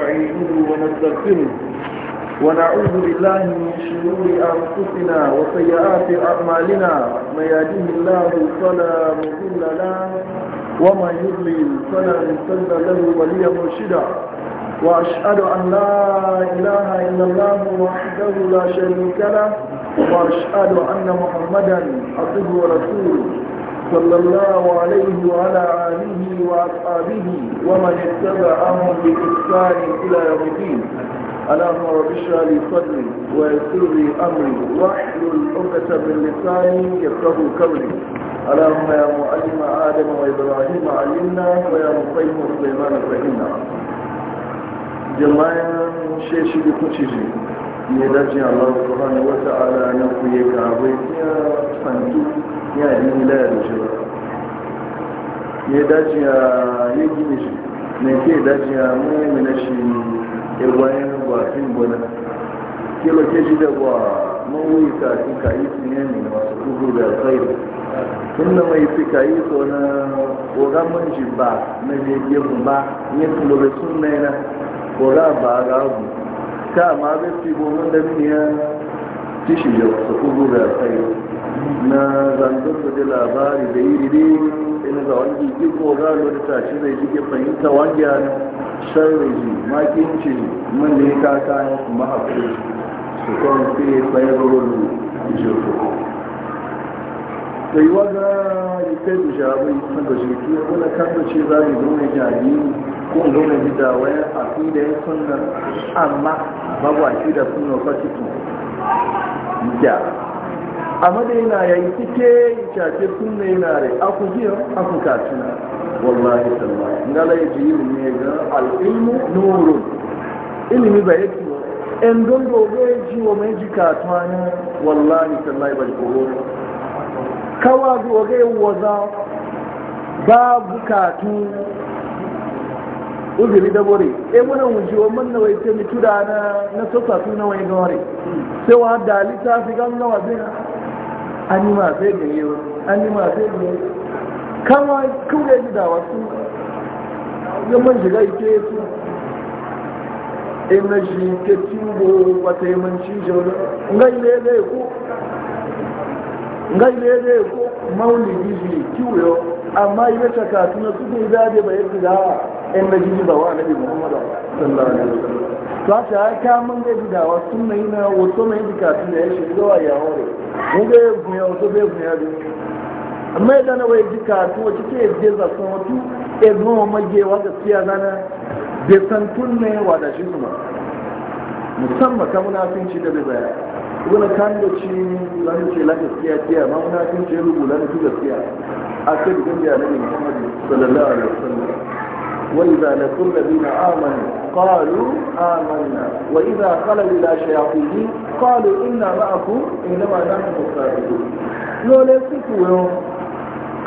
نعيده ونستغفره ونعوذ بالله من شرور أنفسنا وسيئات أعمالنا ما يهديه الله فلا مضل له ومن يضلل فلا مضل له وليا مرشدا وأشهد أن لا إله إلا الله وحده لا شريك له وأشهد أن محمدا عبده ورسوله صلى الله عليه وعلى آله وأصحابه ومن اتبعهم بإحسان إلى يوم الدين اللهم رب اشرح لي صدري ويسر لي أمري واحلل عقدة من لساني يفقه قولي اللهم يا معلم آدم وإبراهيم علمنا ويا مقيم سليمان فهمنا جمعنا شيشي بكوشيجي يدجي الله سبحانه وتعالى نقويك عبيتنا فانتوك yana yi wilaya da shi ya daji ya yi gini shi mai ke dace ya mai mina shi ya bayan bakin gona ke loke shi da ba mawuyi kafin kayi su ne ne masu kudu da tsairu tun da mai fi ka kayi so na ƙoramun shi ba na ne gefu ba ne kuma sun na yana ƙora ba ga abu ka ma zai fi gomin da miniya ci shi da su kudu da tsairu na zantar su da labari da yi riri ina ga wani jiki ko gano da tashi zai jike fahimta wani sarraji makinci man da ya kaka ya kuma haƙuri su kan fi fayarwarru jirgin sai waga yi kai da shabai kan da shirki wani kasance za a yi zaune jari ko zaune gida waya a fi da ya sunan amma babu a shi da sunna fasikun gyara a madaina ya yi cike cace sunna yana rai aku jiya aku kacina wallahi sallah ngala ya ga al'ilmu ilimi ba yake in don ji wa mai ji wallahi kawa katu uzuri da bore e muna wuce wa manna wai ce mi tuda na na sofa su na wai gore sai wa da lita fi gan gawa sai an ma sai da yau an ma sai da kama kure ji da wasu ya man shiga ike su in e, shi ke tubo wata yi man shi jauna ngai ne zai ko ngai ne zai ko maulidi shi kiwo amma yi ta kasu na su ne zaje ba yadda da yan na jiji ba wa nabi muhammadu da alaihi wasallam to haka ya ka mun ga gidawa sun mai na wato mai da kasu na yashi zuwa ya hore mun ga a wato bai mu ya bi amma idan na wai jika to wace ke je za su wato e mage magewa siya zana bai san tunne wa da shi kuma musamman kamuna sun ci da bai bayar. wani kan da ci zan ce la gaskiya kiya ma muna cin ce rubu la ci gaskiya a ce bikin da a na annabi Muhammad sallallahu alaihi wasallam wa idza laqul ladina amanu qalu amanna wa idza khalu ila shayatin qalu inna ma'akum inma nahnu mustaqibun lole su kuwa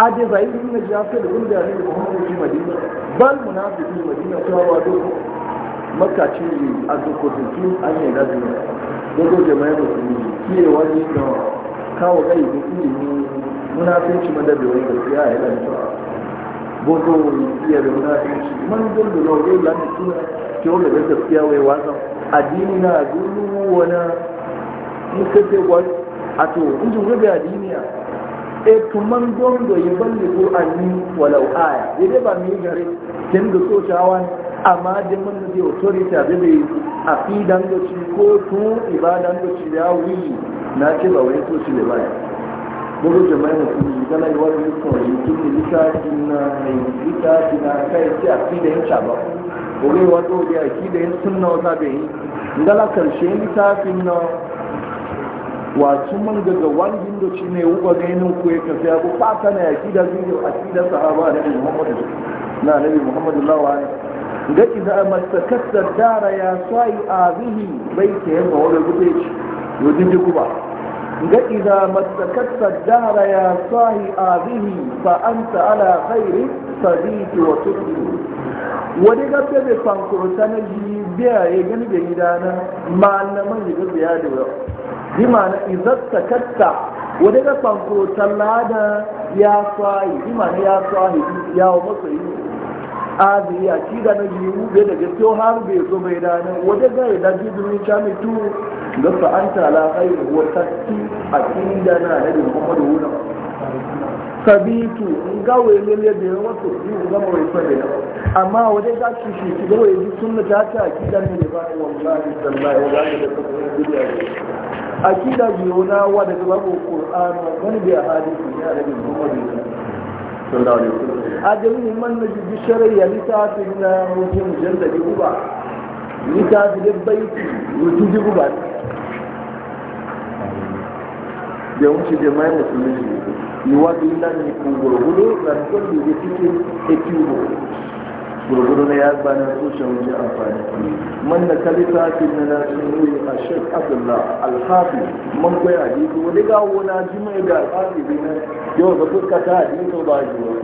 aje zai yi ne ya ce da inda annabi Muhammad ji Madina bal munafiqin Madina cewa wato makka ce a dukkan su an yi da da su yi kiyaye wani da kawo kai da ilimi munafinci madabi wani gaskiya a yana da gbogbo wani iya da munafinci man dole na wajen lamu suna kyau wani da gaskiya wai wasa addini na dulu wani in wani a to in ji wani addini a e tumman man dole ya balle ko yi walau aya dai ba mu yi gare kin da so shawani ne amma da mun da authority abin da a fi dangoci ko tun ibadan goci ya wuyi na ce ba wai to shi ne ba buru jama'i mutum yi gana yi wani yi tun da litafi na mai litafi na kai ce a fi da yin shaba wani wato da yaki da yin sunna wata da yi ngala karshe litafin wa wasu man daga wani hindu shi ne wuka ganin ku ya kafa ya ku fata na yaki da bidiyo a da sahaba na muhammadu na nabi muhammadu lawa ne ga idza kasar dara ya sai azihi bai ke yamma wani gube ci yodin ji guba ga idza masakasta dara ya sai azihi fa anta ala khairi sadiki wa tuki wani gafe bai ta na ji biya ya gani da gidana malaman ya gaza ya da yau bi ma'ana idza sakatta wani gafe fankurta lada ya sai bi ma'ana ya sai ya wa masoyi azuri a ci da na biyu bai da gaskiyo har bai zo bai dana wajen ga ya daji durin shami tu ga fa'anta la khairu wa tatti a ci da na nabi muhammadu wuna sabitu nga wai lalle da yawa to yi ga mai fa da amma wajen ga shi shi ki ga wai sunna ta ta ki da ne ba wallahi sallahi wa ga da kuma akida jiyona wa da babu qur'an wani bai bi hadisi ya da muhammadu A alaihi man na ji sharayya littafin na wuce mujallar da guba littafin da baiti wuce da guba da wuce da mai ne yi wa cikin gurguru na ya bani tushen wuce amfani man da kalita fi na na sun yi a shek abdullah alhafi man koya hadisi wani gawo na ji mai ga alhafi bi na yau da fuska ta hadisi ko ba ji ba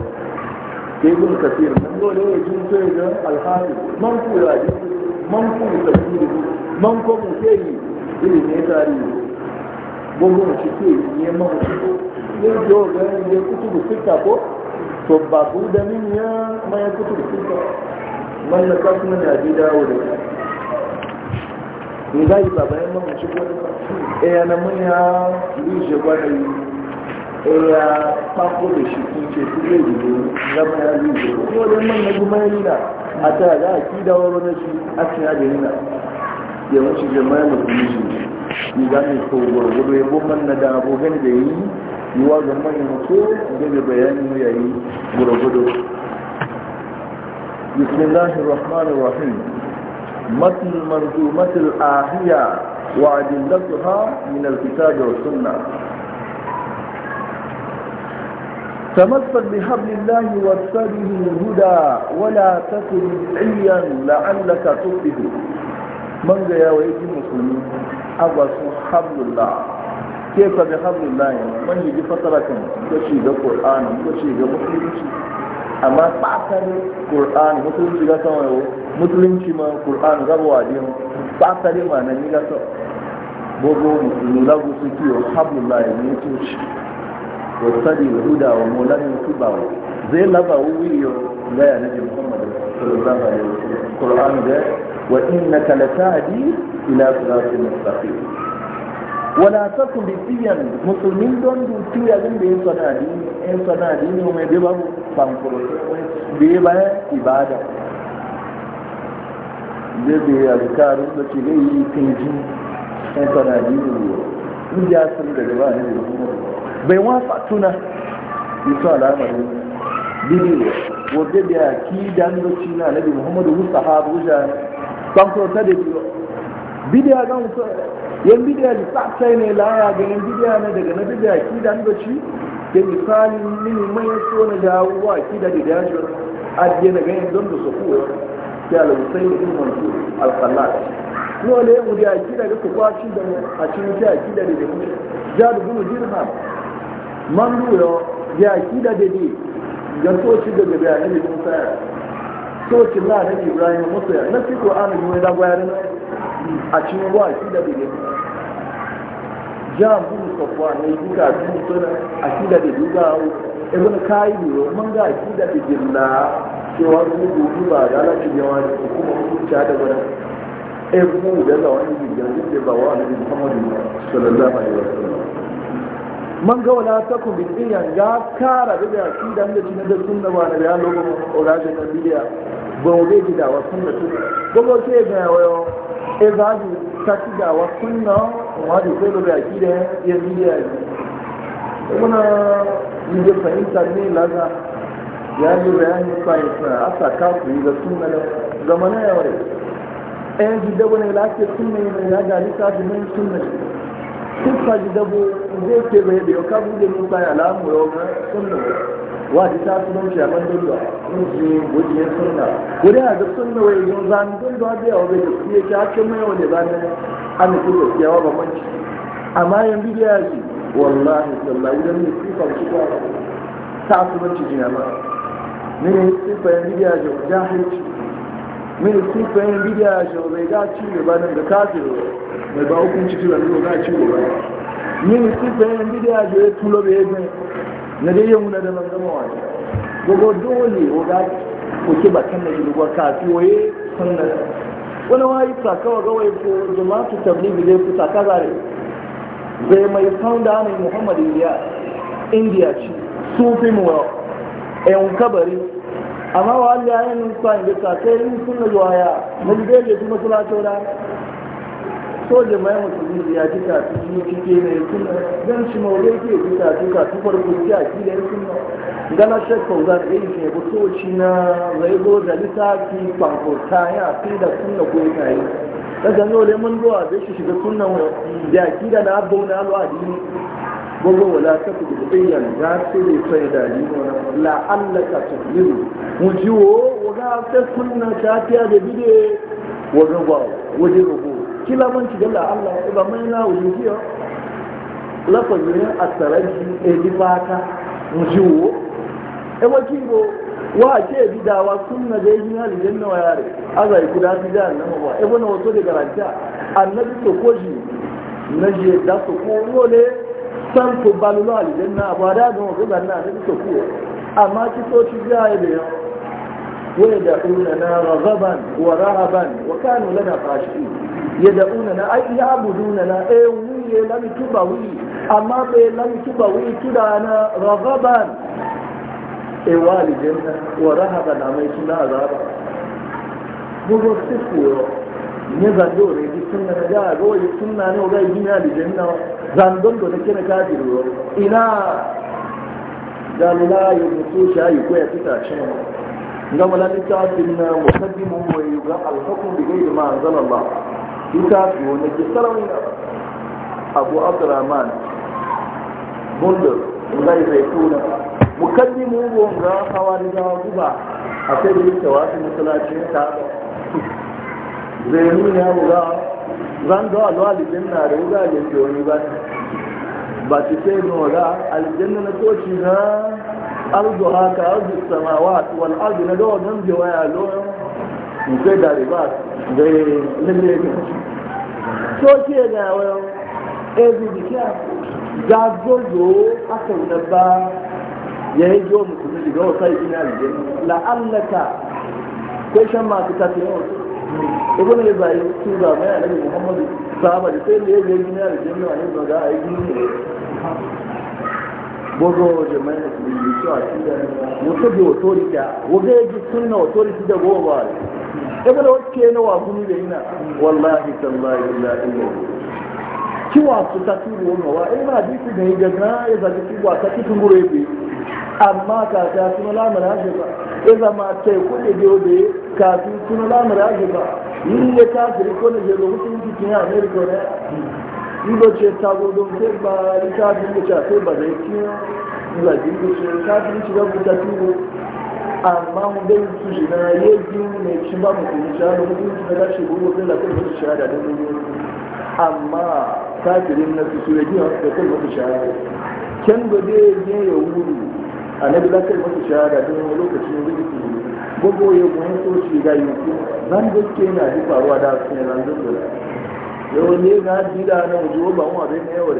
ke gun kafir nan dole ne jin sai ga alhafi man kwaya hadisi man kwaya tafsiri man ko mu sai yi ne tarihi gogon shi ke neman shi ne yau ga kutu kutubu sita ko to ba ku da min ya mai kutu da kuka wannan kasu na yaji dawo da ni zai ba bayan mamu shi ko ba? E ya na mun ya yi je ba da yi e ya pako da shi kun ce ku zai yi na mun ya yi je ko da mun na kuma yi na a ta da ki da wani na shi a cikin ajin na ya wuce jama'a mutum shi ni ga ne ko gurgudu ya man na da abokan da yi yiwa ga manyan mutu da بسم الله الرحمن الرحيم متن منظومة الآهية وعدلتها من الكتاب والسنة تمثل بحبل الله واتبه الهدى ولا تكن بدعيا لعلك تفلح من يا ويجي المسلمين أبا حبل الله kefa bi hamdu lahi man yi ji fasara kan ko ci ga qur'ani ko ci ga musulunci amma fasar musulunci ga sama musulunci ma qur'ani ga ruwa din fasar ma nan ni ga so bobo musulmi la ki hamdu lahi ni to shi ko sadi huda wa mulani su ba zai laba wiyo ga ya nabi muhammad sallallahu alaihi wasallam qur'ani da wa innaka lata'di ila sirati mustaqim wala takun bi tiyan musulmin don du tiya din da yin sanadi yin sanadi ne mai bai babu bankuro da ya bayan ibada da da ya alkaru da ke gai yi teji yin sanadi ne ne ya sun da gaba ne bai wasa tuna yi sa al'amari bidiyo wadda da ya ki dan shi na nabi muhammadu musa habuja bankuro ta da biyo bidiyo ga musulmi yan bidiya lissafai ne lara ga yan bidiya ne daga na bidiya ki da da ci da misali mini mai so na dawo wa ki da da jaji adiye na ganin don da suku ya alusai da ilman su alfalat Kuma le mu da ki da ku kwaci da a cikin ki ki da da mu ja da gudu dirham man duyo ya ki da da da ga so ci da da ya ne mun tsaya tocin na nabi ibrahim musu ya nan fito ana yi wani a cikin ruwa shi da bege Jam gudu safuwa yi duka cikin suna a shi da bege ga hau ibn kayi ne man ga shi da bege na cewa gudu duba da ala cikin yawa eh, da kuma hukunci da gwada ebu da zawon jirgin da ba wa annabi muhammadu sallallahu alaihi wasallam man ga wala ta ku bidiya ga kara da ya ci dan da cin da sunna ba da ya lobo oraje na bidiya ba wuri gida wa sunna tu gogo ke ga wayo e ba ji ta ci da wa sunna wa da ko da ki da ya bidiya kuma ni da fahimta ne laza ya yi bayani sai asa ka ku da sunna da zamana ya wai eh ji da wani lafiya sunna ne ya ga lissa da sunna siffa ji dabo zai ke bai da yau kabu da nufa ya lamu yau na sunna wa ji ta sunan shi a man dundu in ji ya sunna gudu a ga sunna wai yau za ni dundu a biya wa bai Ya ki hakin mai wani ba ne an nufi gaskiya ba bamanci amma yan bidiya shi wallahi sallahi idan mai siffa shi ba ta sunan shi jina ba ne siffa yan ya shi jahilci mini sufayin bidiya shi bai ga ciwo ba nan da kafiro mai ba hukunci ciwo ba ga ciwo ba mini sufayin bidiya shi ya tulo bai yi na dai yin da man zama wani gogo dole o ga kuke bakin da shi duba kafi waye sunna wani wayi sakawa gawai ko jama'atu tablibi zai kusa kazare zai mai founder ne muhammad indiya indiya ci sufi mu yan kabari amma wa Allah ya nan kwa inda ka sai in sun zuwa ya mun da yake kuma sura tora so da mai mutum ya ji ka su yi kike ne kun dan shi mawle ke ji ka su ka su ku ki a kile kun gana shakko ga dai ne ko so shi na zai go da litafi kwankota ya fi da kun da goyi kai kaga no le mun zuwa da shi shiga kunnan da na abuna alwa dini gbogbo wala ta fi biyan za su ne sai da ni wani la'allaka tuhmin wujiwo waga ta kunna ta fiya da bide waga ba waje rubu kila man ci dalla Allah ba mai na wujiyo lafazin asaraji e di fata wujiwo e wakibo wa ce bidawa sunna da yin aljanna wa yare azai guda fi da nan wa e bona wato da garanta annabi to koji naje da su ko ne san to balulu aljanna ba da ga wani zanna ne so ku amma ki so ci jaye da yau wai da unana ragaban wa rahaban wa kanu lana qashi ya da unana ai ya abuduna na eh wuye lami tuba wuyi amma bai lami tuba wuyi tudana ragaban eh wa aljanna wa rahaban amai suna azaba bugo sifu ne zando da yake suna na ga ga wani suna ne ga yi da aljanna zandon da take na kafiru ina da la yi mutu shayi ko ya fita shi ga malalika bin musaddimu wa yuga al-hukm bi ghayri ma Allah ita fi wani kisaran abu abdurrahman bundur zai zai tuna mukaddimu wanga hawari da guba a sai da yake wasu masallacin ta zai nuna ga zan da alwa na da ga da ce wani ba ba ci sai no ga aljanna na toci na ardu haka ardu samawat wal ardu na dawo nan je waya lo mu sai da riba da ya lalle ne toci ga wayo ebi eh, dikia da gogo aka da ba ya yi jo mutum shiga wasa ina aljanna la'allaka kai shan masu tafiya wasu ibn ibrahim sun zama ya nabi muhammadu sahaba da sai da ya je gina da jami'a ne ba za a yi gini bogo da mai musulmi cewa shi da wasu bi otoriti waga ya ji sunna otoriti da goba ne ibn wacce wa gumi da ina wallahi tallahi la ilaha kiwa su ta turu wa ina hadisi da ya gaga ya kiwa ta kitun gure amma kaka suna lamar haji ba ya zama ta kuɗe biyo da ya kafi suna lamar haji ba yin ya kafiri ko na je mutum cikin amerika yi ba ce ta godon sai ba ni kafin da ta sai ba da ya kiyo zagin da ce kafin shi ga buta tuwo amma mu bai su shi na yi yi mai ci ba mu kuma shi hana mutum shi na gashi gugu sai da shi amma na su su ya gina kuma shi gobe ya wuri annabi za ka yi masa shahada don wani lokaci ne zai kuma gogo ya kuma shi da yanku zan gaske na ji faruwa da su ne zan zuwa yau ne na ji da na wajen ba mu abin na yawar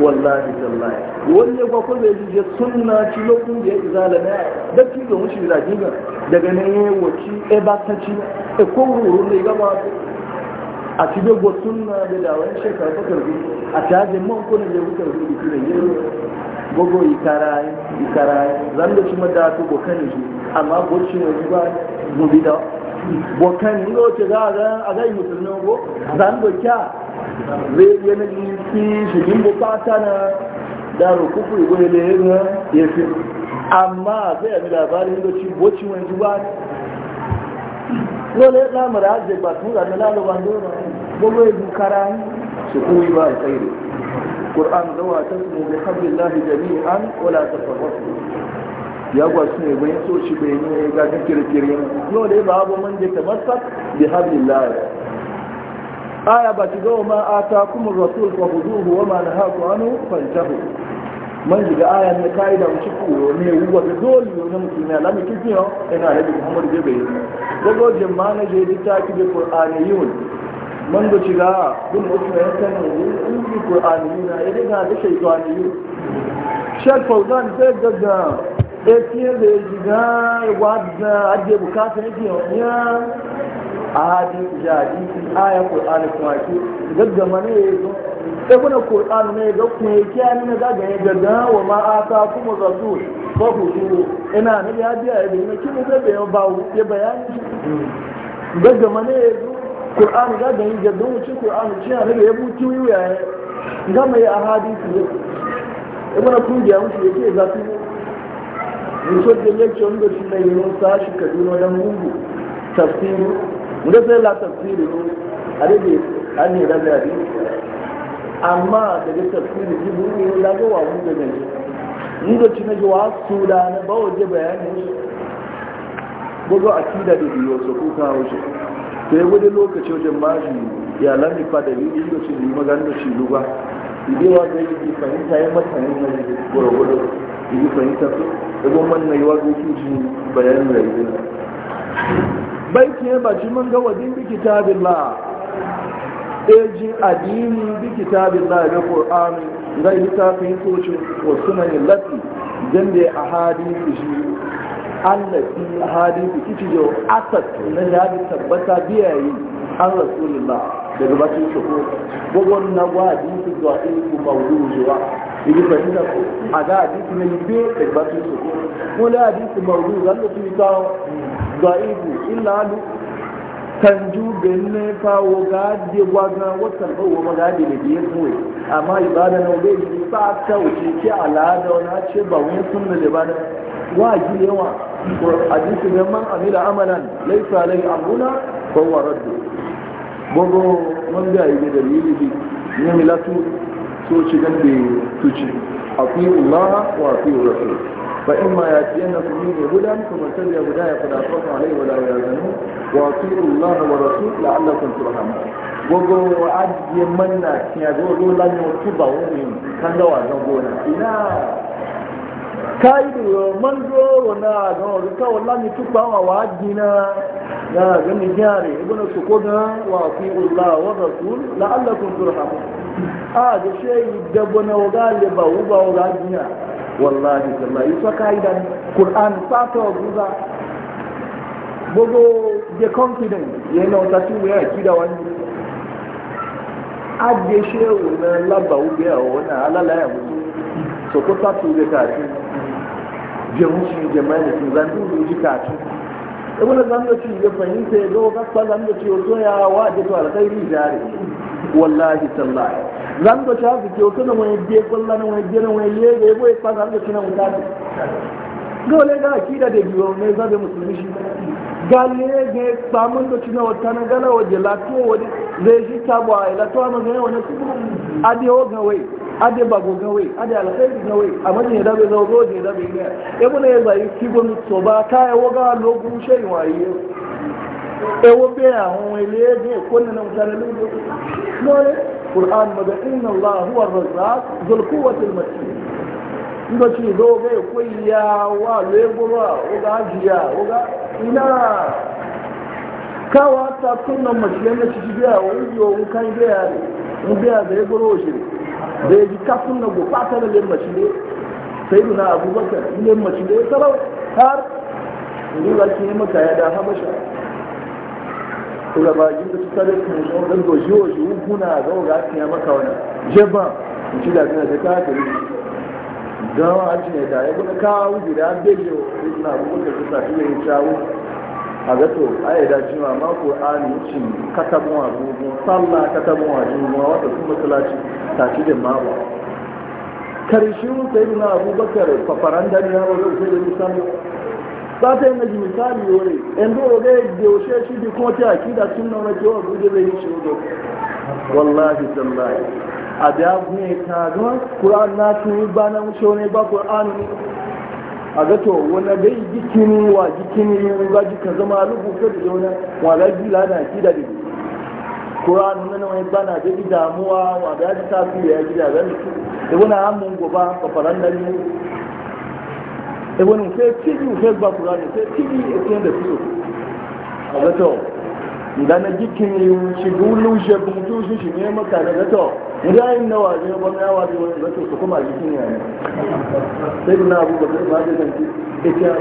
wallahi tallahi wani ya gwakwa zai ji ya sunna ci lokun da ya izala na da ki ga mushi da giga daga ne ya waci e ba ta ci e ko ruru ne gaba a ci da gwatsun na da dawon shekar bakar gudu a cajin man kunan da wukar gudu su da yero gogo ikarayi ikarayi zan da shi mada su bokan shi amma gwatsun yanzu ba gobe da bokan ni ga wace za a ga yi musulmi go zan da kya zai yi na jinsi shigin bukata na daro kuku igwe da ya ya fi amma zai yi labarin da والله الكرام سكوي باي خير القرآن دوا تسمو بحبل الله جميعا ولا تفرقوا ya gwasu ne bayan so shi bai ne ga kan kirkiri ba abu man da masa bi aya ba ki ga ma kuma rasul fa zuhu wa ma fantahu man aya ne kai da shi ko ne wuwa da dole ne mutum ne lami kiyo ina da Muhammad bai ne ta da man da shiga bin wasu ya sani yin yi ƙur'ani na ya daga da shaitani yi shek fauzan zai gaga ɗaya da ya shiga wadda ajiye bukata yake yawanya a hadisi ya hadisi aya ƙur'ani kuma ke gaggama ne ya zo sai kuna ƙur'ani ne ga kuma ya kiyaye na zaga ya gaga wa ma'ata kuma zazu ba ku shuru ina na ya biya ya bayani gaggama ne ya zo ƙur'ani ga da yin jaddon wucin ƙur'ani wucin a ya buci wuya ya ga mai a hadisi ya mana kungiya mushi ya ce zafi ne. so da ce wanda shi mai yi sa shi Kaduna dan gungu tafsiri. wanda sai la tafsiri ne. A daga an yi da gari. Amma daga tafsiri ji gungu ya daga wa mu da gari. Ni da ci na ji wa su da na bawa je bayanin. a akida da biyu su kuka wuce. sai wani lokaci wajen maji ya lami fa da yi lokacin da yi magana da shi duba idewa da yi fahimta ya mata ne na gwargwado yi fahimta su ɗagon wannan yi wazo kuji bayanin da Bai ke ba baci man ga wadin bi kitabin la eji adini bi kitabin la ga zai yi littafin socin wasu na yi lafi dan da ya ahadi shi allafi hadithu kici yau asad na jihadi tabbata biyayi an rasulullah daga bakin shiko gwagwan na gwa su zuwa ilku maudu zuwa ibi fahimta ko a ga hadithu na libe daga bakin shiko ko da hadithu maudu zan da su yi kawo zuwa ilku illa alu kanju benne kawo gadi gwaga wata kawo magadi da biyar kawai amma ibada na bai yi ba ta wuce ke al'ada wani ce ba wani sunna da ibada wa yawa hadisi da man amila amalan laisa lai amuna ko wa raddu gogo man da yi da yi bi ne milatu so ci dan bi tuci afi allah wa afi rasul fa in ma yati annakum min hudan kuma tabi'a guda ya fada ko alai wa ya zanu, wa afi allah wa rasul la'allakum turhamun gogo wa ajiyan manna ya gogo lan yo tuba wa min kan da wa gogo na ina kaido man doro na ga wani kawo lami tukpa wa wa jina na ga mi jare ibn sukoda wa fi ullah wa rasul la'allakum turhamun a ah, ga shay dabbo na waga le ba u ba waga jina wallahi tallahi fa kaida qur'an fa to guza bogo the confidence ye no tatu we akida wani a ga shay na labawu be a wona alala ya mutu so ko ta tu da kaci je mu shi je mai da zan du ji kaci e wala zan da ci ya fahimta ya zo ka sa zan da ci yo ya wa da to alkhairi jare wallahi tallahi zan da ta fi yo kana wani je kullana wani je wani ye da yebo ya fa zan da ci na mutane dole ga akida da biyo ne za zabe musulmi shi gale ga samun da cina wata na gala waje lato waje zai shi tabo a ilato a magana wani kuma adiyo ga wai ade bago gawe ade alkhairi gawe amma ne da be zawo ne da be ne e bune ya zai kibon so ba ka ya woga logu shei waye e wo be àwọn ele de kunna na mutane lu no ne qur'an maga inna allah huwa ar-razzaq dhul quwwati al-matin ndo ci zo ga ko ya wa le gora woga ajiya woga ina kawa ta kunna mutane ci biya wo yo kan ga ya in biya da ya goro shi da ya ji kafin na gufa ta da lemma shi ne sai na abubakar lemma shi ne sarau har ruwa ke yi maka ya da habasha kula ba ji da su da su ne shawar ɗan doshi wa shi hukuna ga wa gafi ya maka wani jeba in ci da zina da ka ta yi gawa a cinye da ya gudu kawo gida bejo sai na abubakar su sa fiye ya shawo a ga a yi da jima ma qur'ani ci katabun wa rubu salla katabun wa rubu wanda kuma masallaci ta ci da mawa karshen na abubakar fafaran da ya wazo zai da misali ba ta yi naji misali yore yanzu oga ya yaushe shi bi kuma ta yaki da sun nauna kewa guje zai yi shigo wallahi sallahi a da ne ta zuwa Kuran na tuni ba na wuce wani ba ƙura'an ne a ga to wani dai jikin wa jikin za ji ka zama rubuta da yau wa za ji lana ki da dubu kuran na wani bana da ji damuwa wa da ya ji tafi ya ji da zan su da wani hannun goba ba faran nan ne da wani sai tiji sai ba kuran sai tiji sai da su a ga to da na jikin shigulu shakuntu shi shi ne maka da gato rayin na waje ba na waje wani gato su kuma jikin yi. sai na abu ba zai ba da zanci ita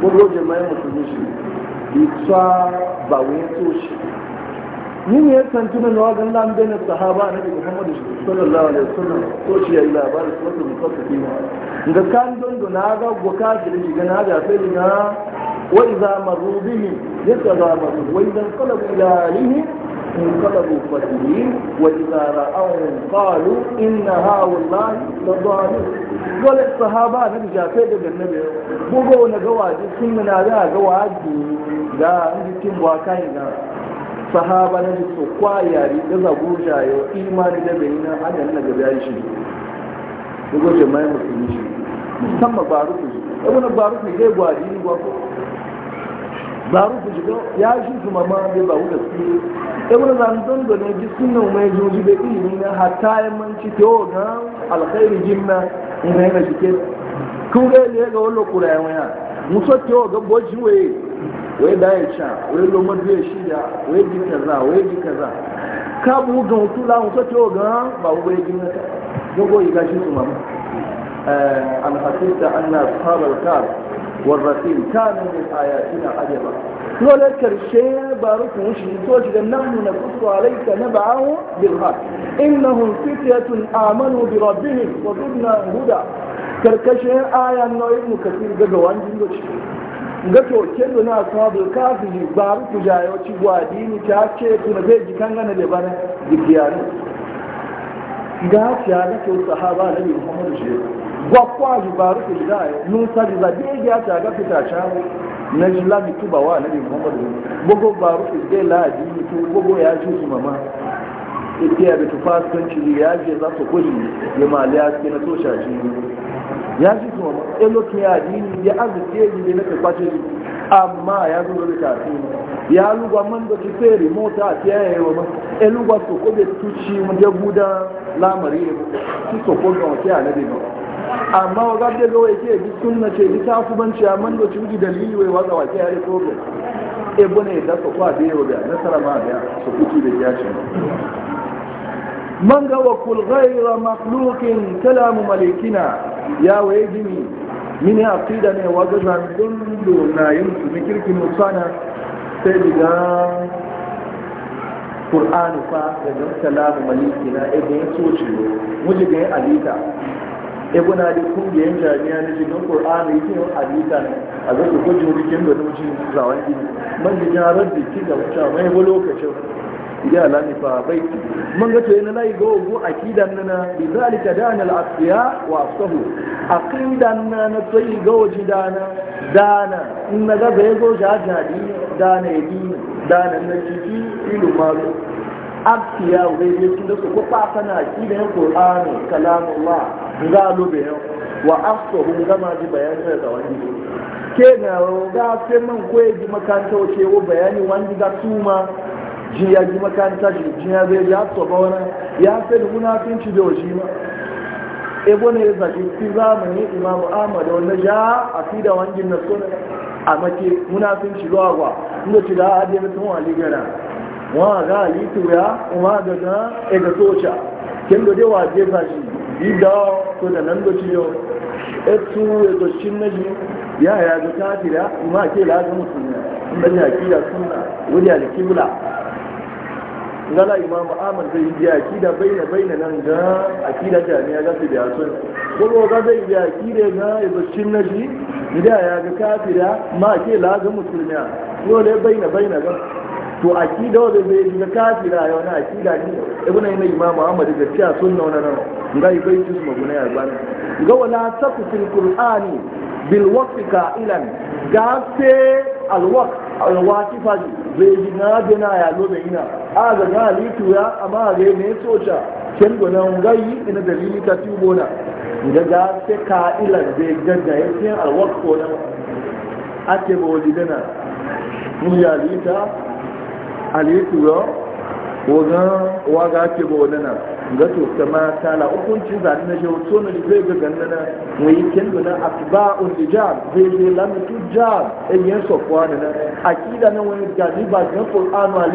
gudu jama'i musulmi shi itsa ba wani toshi yin ya santi na wajen gan lambe na sahaba na bi muhammadu sallallahu alaihi wasallam to ya yi labarin su wata mutsafi ne ga kan dondo na ga gwaka da shi ga na ga sai na. وإذا مروا بهم يتغامرون وإذا انقلبوا إلى أهلهم انقلبوا فكهين وإذا رأوهم قالوا إن هؤلاء لضالون ولا الصحابة نبي جافي دغ النبي بوغو نغواجي سن منا دا غواجي دا عندي كم واكاي دا صحابة نبي سو كواياري دا زغوجا يو إيمان دا بينا أنا نغا بيايشي بوغو جماعة مسلمين musamman baruku ibn baruku zai gwaji ni gwako zaru su shiga ya shi su mama bai ba wuda su ibn zanzan da ne ji sunan mai joji da ilimi na hatta ya manci tewa ga alkhairi jimna in ne na shike kun ga ne ga wani lokura ya waya muso tewa ga boji waye waye da ya sha waye lomar zai shida waye ji kaza waye ji kaza ka bu ga mutu la muso tewa ga ba ya jimna ta gogo yi gashi shi su mama eh, an hasita anna ashabal والرسيل كانوا من آياتنا عجبا ولك الشيء بارك مشهد توجد نحن نقص عليك نبعه بالحق إنهم فتية آمنوا بربهم وضبنا هدى كركشين آية نوع كثير قدوان جنوش ga to kin da na sabu kafiri ba ku jayo ci gwadi ni ta ce ku na zai jikan gana da bana dikiyar ga ta sahaba nabi Muhammad shi gwakwa zubaru ke da ya nusa da zaɓe ya ta ga fita shawo na islami tuba wa nabi muhammadu gogo baru ke da laji to gogo ya ji su mama ita ya bitu fasikanci ya je za su kuji ya mali ya suke na tosha shi ya ji su mama elo ke ya ji ya arziki ji ne na karface ji amma ya zo da tafi ya lugwa man da ci fere mota a tiya ya yi wa elugwa so ko tuci mu da guda lamari ne su so ko ga wata ya nabi muhammadu amma wa gabe ga wai ke bi sunna ce bi ta ku banci amma da ci dalili wai wa gawa ke yare ko e bune da ka kwa da yau da nasara ma da su kuci da ya ce man ga wa kul ghayra makhluqin kalam malikina ya waye min mini aqida ne wa dun do na yin su mikirkin musana sai diga Qur'anu fa da kalamu malikina idan e, ya soce mu ji ga alita ibn ali kungiyen jami'a na cikin qur'ani yake yin hadisa ne a zai gudu rikin da zuci zawan gini man ji jarar da ki da wuta mai bu lokacin ya lami fa bai man ga to yana lai go go akidan nana bi zalika dana al asfiya wa asahu aqidan nana sai ga ji dana dana in ga zai go jajadi dana yi dana na e ciki ilu malu asfiya wai ne da su ko fa sana akidan qur'ani kalamullah za a lobe yau wa afsohu gama ji bayanin da wani ke na roga fe man koye ji makanta wace wo bayani wani ga tuma ji ya ji makanta ji ji ya zai ya tsoba wani ya fe da munafinci da waje ma ebo ne ya zaji fi zamani imamu ahmad wanda ja a fi da wangin na suna a make munafinci lagwa inda ci da adiyar tun wali gara wa ga yi tura umar da na ega soca kin da dai wa je zaji ida to da nan doci yau etu ya doci naji ya ya ga kafira ma ke la ga musulmi dan ya kida sunna wani al kibla ngala imam ahmad zai yi akida baina baina nan ga akida jami'a ga su da sun ko ga zai yi akida ga ya doci naji ida ya ga kafira ma ke la ga musulmi dole baina baina ga to a aqida wanda zai yi kafira ya wani aqida ne ibn na imam muhammad da cewa sunna wannan nan ga ibai su maguna ya ba? ga wala taku fil qur'ani bil waqti qa'ilan ga se al waqt al zai yi na na ya lobe ina a ga galitu ya amma ga ne soca kin gonan gai ina dalili ta na ga ga se qa'ilan zai gaga yakin al waqt ko nan ake bawli dana mun ya lita halittu ya wajen waga ke ba wani nan ga to kama tala hukuncin zane na jawo to na zai ga ganna na mai kin da na asba un hijab zai zai lamu tu in yan sofuwa na nan akida na wani gadi ba ga qur'an wa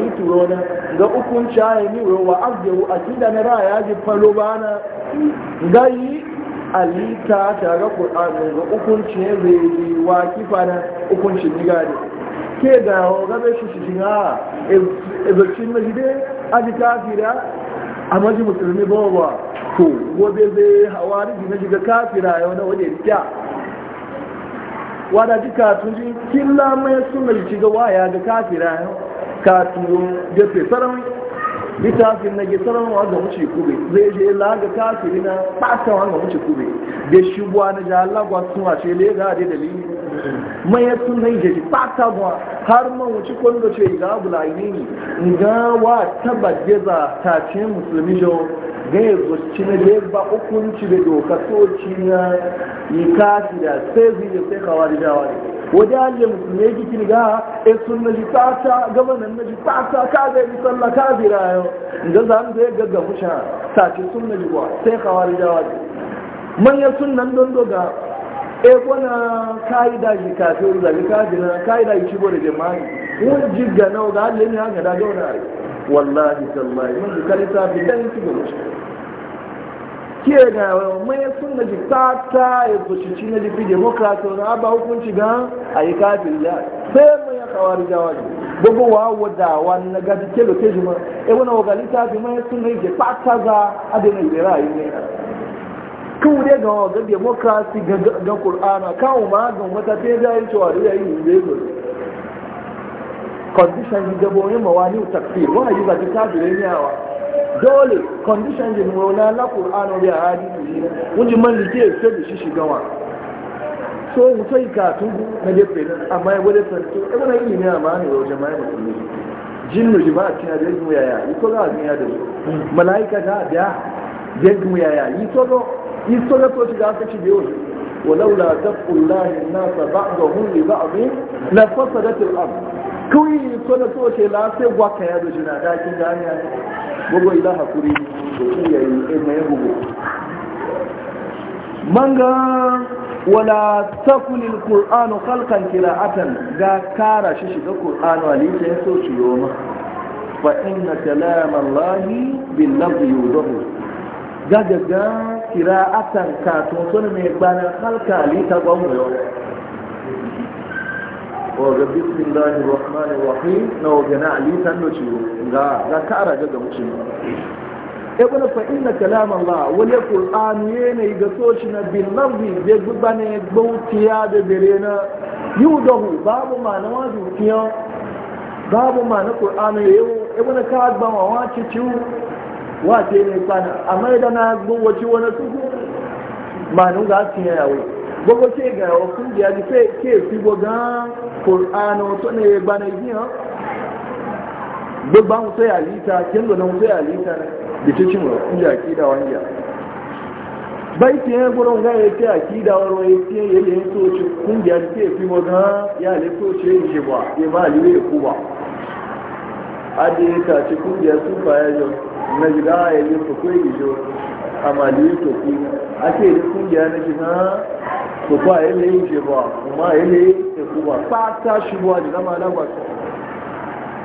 na ga hukunci ayi ni wa abdu akida na raya ji falo ba na gai alita ta ga qur'an ga hukunci zai yi wa kifana hukuncin ni ke da gabe shi shi shiga ezocin e na jide a ji kafira a maji musulmi ba ba to wabe zai hawa rigi na shiga kafira ya wani waje rikya wada ji katun ji killa mai suna shiga waya ga kafira ya katun gefe sarari littafin na ke gisaran wanda wuce kube zai je laga kafiri na ɓata wanda wuce kube da shi buwa na jihar lagos sun wace lega da dalilin maya sun zai jeji fata ba har man wuce kwando ce ga abu laini ne ga wa taba geza ta ce musulmi jo ga ya zuci na da ba hukunci da doka soci na yi kafi da sai zai da sai kawar da wari wajen hanyar musulmi ya kikin ga ya e sun na ji fata gabanin na ji fata ka zai yi sallah ka zira yau ga zan zai gaggafu shan ta ce sun na ji sai kawar da wari manyan sun nan don doga e eh, kona kaida shi kafin ruza, zabi kafin kaida ji shigo da jama'i wani jigga na ga halin ya ga daga na ari wallahi tallahi mun ji kalita fi dan shigo da shi ke ga mai sun da ji tata ya cin ci na ji fi demokrata na ba hukunci ga a kafin ya sai mai ya kawar jawa ji gbogbo wa wada wa na gaji ke lokeji ma e wani wagalita fi mai sun da ji tata za a dina yi rayu ne kawai ga wa ga demokrasi ga ƙur'ana kawo ma ga wata ta yi jayin cewa da yayi zai zo Kondishan ji gabo yin mawani takfir wani yi zafi ta jire yawa dole kondishan ji nuna na ƙur'ana da hadisi ne wajen man da ke ce da shi shigawa so wuce yi katun na gefe nan amma ya gwada sarki ya na yi ne amma ne wajen mai musulmi jinnu ji ba a cikin da ya yaya yi ko za a da su mala'ika ta biya biya zuwa yaya yi to isto da koji da kaci bi on walau la taqullahi nas ba'dahu li ba'dhi la fasadat al-ard kuyi to da koji la sai gwa ka yado jina da ki ganiya gogo ilaha kuri to shi yayi e eh, mai wala taqul al-qur'an kila'atan ga kara shi shi da qur'an wali sai so ciyoma fa inna kalam allahi bil lafzi yudhu gaga gan kira atan ka to sun mai banan halka li ta gwamu yau wa ga bismillahi rahmani rahim na wajen ali tan no ciwo ga ga kara ga ga mutum e kuna fa inna kalam allah wal qur'an yana ga soci na bin bil lafzi je gubane gautiya da na. berena yudahu babu ma ma'ana wa dukiya babu ma na qur'an yau e kuna ka ba wa wa ciwo wace ne kwana a mai da na gwawace wani suku manu ga su yi yawo gwawace ga yawo sun biya ji fe ke fi gwaga ƙor'ano to ne gbana yi ha gbogbo ahun sai alita kin da nan sai alita na da cikin kun ji akida ya bai ke yin gurin ga ya ce akida waro ya ce ya yi soci kun ji alita fi gwaga ya le soci ya yi ba ya ba aliyu ya kuba adi ta ci kun ji sufa ya yi na gida ya yi su kwai gijo a mali to ku ake da kungiya na gina su kwa ya layi ce ba kuma ya layi ta kuma fata shi ba da zama na wasu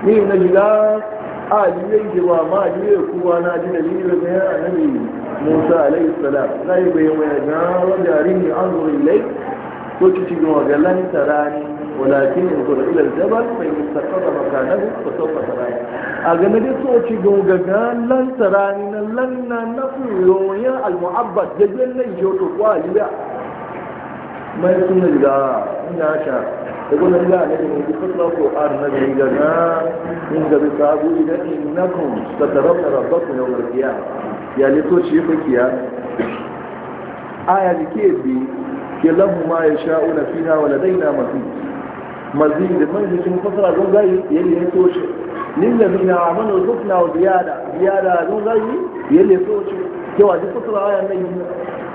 ni na gida a liyan ce ba ma liyan kuma na ji da liyan da ya annabi musa alaihi salam yi bayyana wani na wajen rini an zuri lai ko ci ci gama ga lantara ولكن انظر إلى الجبل فإن استقر مكانه فسوف تراني أغنى دي سوچي غوغا لن تراني لن نفي يوميا المعبد جبل لن يوتو قوالي ما يسمى لغا إن عشا يقول لغا نجم يفتر القرآن نجم لغا إن جبتابو إذا إنكم سترون ربكم يوم القيامة يعني سوچي فكيا آية كيف بي كلهم ما يشاءون فيها ولدينا مزيد mazin da man jikin fasara don gayi yadda ya toshe min da min amon rukuf na ziyada ziyada don gayi yadda ya toshe cewa duk fasara ayan nan yin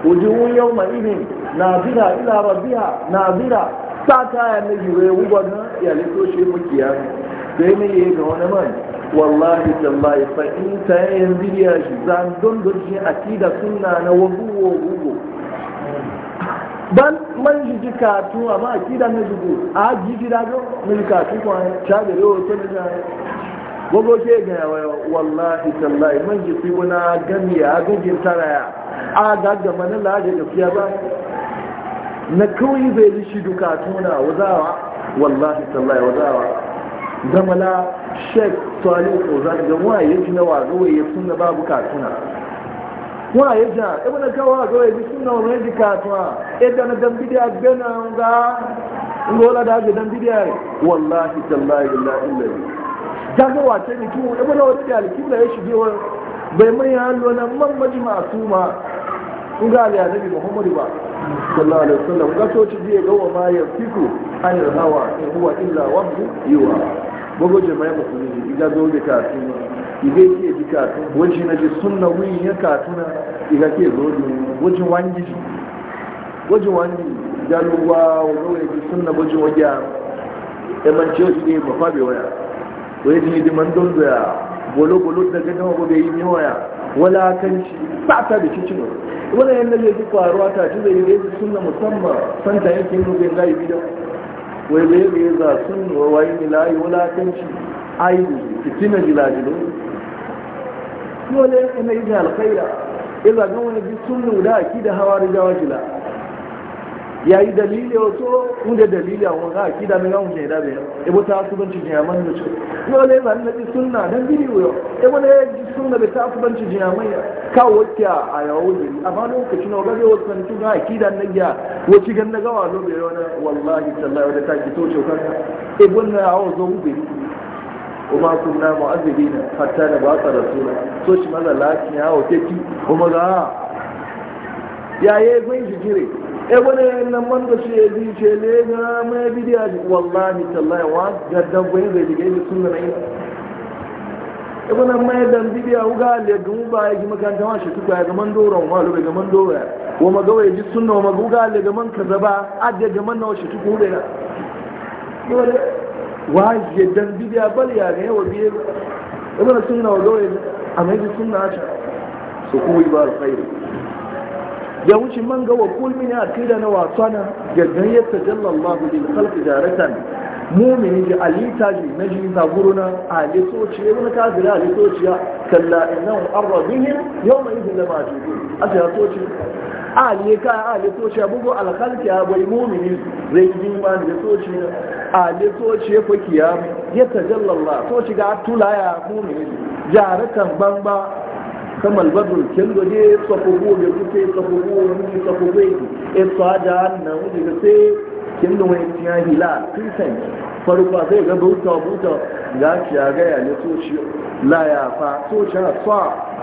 wujuhun yau ma ihin na zira ila rabbiha na zira ta kaya na jure wubar na ya le toshe mukiya sai mai yi ga wani man wallahi tallahi fa'in ta yin ziriya shi zan don dorshin akida suna na wabuwa wubo ban man ji katu amma a kida na jigo a jiji da jo na katu ko an ta da yo to da gogo ce ga wallahi tallahi man jiji wona gami a gajin taraya a ga da man la da fiya ba na kawai bai yi shi dukatu na wazawa wallahi tallahi wazawa zamala sheik salih ko zan ga waye na wazo ya sunna babu katuna wa ya ja ibi a kawo ga wai suna wani ji katuwa yadda na dan bidiya gana ga ngola da ga dan bidiya wallahi tallahi billahi illahi jaga wace ni tu ibi wani da alkibla ya shige wa bai mai hallo nan man majma suma kun ga ali annabi muhammadu ba sallallahu alaihi wasallam ga to ci ga wa ma ya fiku an hawa in huwa illa wahyu yuwa bugo jama'a musulmi ga zo da kasuwa ibeke ke katu na ji suna wuyin ya katu na iga ke zo waje wani ji waje wani jaluwa wani ya ji suna waje wajen ya emanci wajen ne ba fabe waya waje ji diman don zoya bolo-bolo daga gama gobe yi ne waya wala kan shi ba ta da cikin wani yadda zai ji faruwa ta ci zai yi suna musamman santa yankin rubin layi bidan wai zai zai za sun wayi layi wala kan shi aibu fitina jilajilo dole ne yi da alkhaira ila ga wani bi sunnu a aki da hawa da jawajila ya yi dalili so inda dalili a wani a da mai gawun shaida ya ibo ta su banci jiyaman da ce dole ba na bi sunna dan bidi wuyo ibo na ji na bai ta su banci a ya kawo wakya a yawo da amma lokacin na gabe wasu kan tun a da na giya wace gan na gawa da wani wallahi tallahi da ta ki to ce ya ibo na hawa zo bai وما كنا معذبين حتى نبعث رسولا سوش ماذا لكن يا وتكي وما ذا يا يا من جيري e wani nan man da shi ya ce ne ga mai bidiya ji wallahi tallahi wa gaddan gwai zai jiga yi sunna na yi e wani mai da bidiya uga le ba ya ji makaranta wa shi tuka ya ga doron wa lube ga doron wa magawa ya ji sunna wa maguga ga man kaza ba adda ga na wa shi tuka ya e waje dan bidiya bal ya ga yawa biye ibn sunna wa dole a mai sunna ta su kuma yi bar khairi ya wuce man ga wa kul min aqida na wasana ya dan ya tajalla Allah bil khalq daratan mu'mini ji alita ji naji na guruna ali sociye wani kafira ali sociya kalla innahu arra bihim yawma idhin lama tudu aka ya sociye a ka a ne a bugu alhalki a bai mumini zai yi da ne toci a ne toci ya faki ya ya tajallalla toci ga tula ya mumini jarakan bamba kamal badul kendo ne tsafugu da kuke tsafugu da muke tsafugu ya tsawa da hannun wuce ga sai kendo mai tiya hila kristian farko sai ga buta buta ga shi ya gaya ne toci la ya fa toci ha tsawa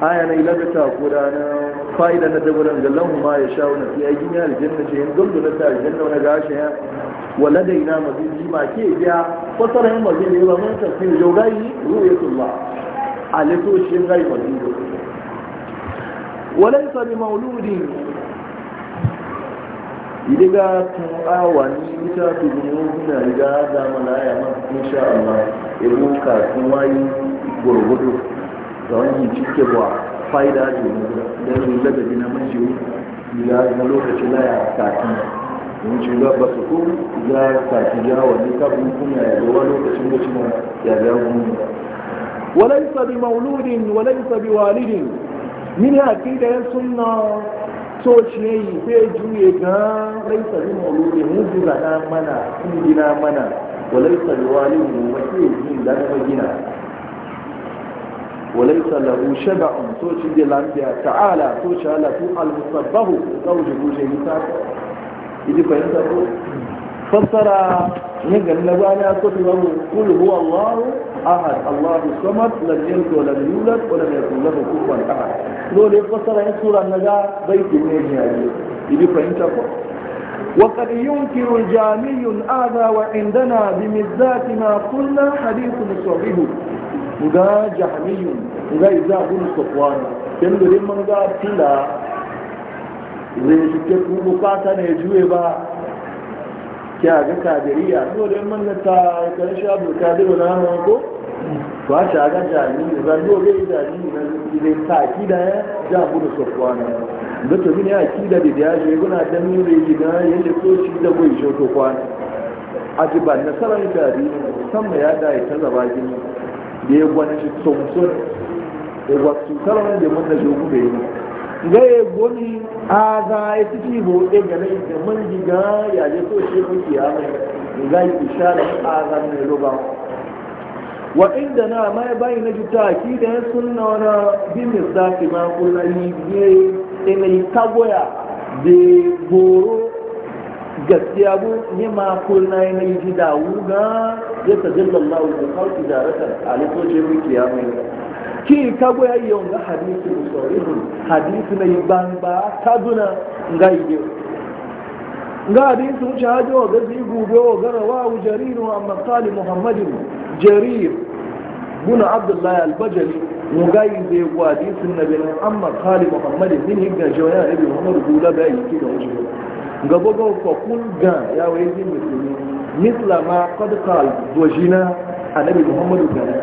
aya na ilaga ta koda na fa'ida na dabaran ga lahu ma ya sha wani fiye yi aljanna ce yin dundu na aljanna wani gashi ya wala da ina mazin ji ma ke biya fasara yin mazin ne ba mun tafiya yau gayi ru'yatullah a lito shi yin gayi mazin ji walaisa bi mauludin idiga tun awani ita tuzunu na riga zamana ya ma insha Allah ibu kasuwa yi gurgudu wani cike ba fa'ida ce da lura da gina mashi ya na lokaci laya kafin da ci ga ba su ko a kafin ya wani kafin kuma ya zuwa lokacin da shi ya ga gudu walaisa sabi mauludin walaisa sabi walidin min da ya suna so shi ne yi sai juye ga rai sabi mauludin mu na mana sun gina mana walaisa bi walidin mu ke yin da gina وليس له شبع توشي دي الأنبياء تعالى توشي على تو المصبه توجه جيسا إذا فهمت فسر ينقل نبانا كتب قل هو الله أحد الله الصمد لم يلد ولم يولد ولم يكن له كفوا أحد لو لي فسر سورة النجاة بيت من الجاهلية إذا فهمت وقد ينكر الجامي هذا وعندنا بمزات ما قلنا حديث صحيح nga jahamiyun nga iza hulu sofwani kendo man ga fila zai kuma fata ne juye ba kya ga kadiriya a da man ga ta kan sha bu wa na hannun ko ba ta ga jami'i ba do ga jami'i na zai ta kida ya ja bu da sofwana da to ne a kida da ya je guna da mu ne yi ga yadda ko shi da goyi shoto kwana ajiban nasarar jari sama ya da ita zaba gini ya gwanci tsomtsom ye gwanci kalawan da mun da shi ku da yi ga ya goni a za ya ci bo e ga nai da mun giga ya je so shi ku mai ga yi ishara a za ne roba wa inda na mai bai bayi na juta ki da ya sunna wani bin misaki ma kullani ne ne kagoya da boro gaskiya bu ma makon na yi mai ji dawu ga ya ta zirga Allah da kawai jaratar a litocin wiki ya mai ki ka goya yi yau ga hadisi musawirin hadisi na yi ban ba Ka kaduna ga yi ga hadisi wuce hajji wa gazi gobe wa gara wa jaririn a makali muhammadin jarir buna abdullahi albajali mu ga yi zai go hadisin na bin amma kali muhammadin min higga jawaya ibi muhammadu gula bayan yake da wuce gaba ga fakun ga ya waye yin musulmi misla ma kadkal dojina annabi muhammadu Gari.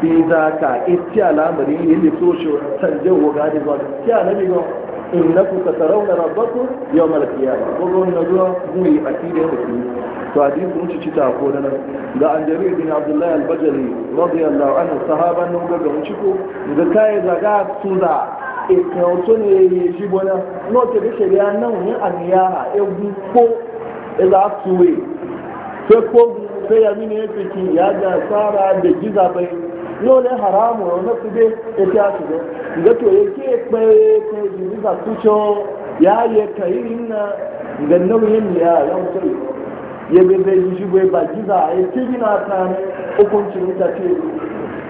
fi za ka itti alamari ne da toshe canje wa gadi zuwa ki annabi ga innaku na rabbakum Yau al-qiyamah gogo na zuwa mu yi akidai musulmi to hadisin shi cita ko nan ga an jarir bin abdullahi al-bajali radiyallahu anhu sahaban nan ga mun ciko da kai zaga su da èkàn tó ní èyí ìṣíbọn náà náà tẹ̀lé ṣẹlẹ̀ anáhùn ní àníyára egun kó ẹ̀là tuwé fẹ́ kógun fẹ́ yàmí ní ètò kí ìyájà sára dè jíza bẹ́ yóò lẹ́ haramu ọ̀rọ̀ náà fi dé ètò àtúntò ìgbẹ́tò èyí kí èpè kẹ́ jíza túṣọ yàá yẹ kàyírí nà yẹn nìyà yàwó sọ̀rọ̀ ya bebe shi bai ba giza a yi tibi na kan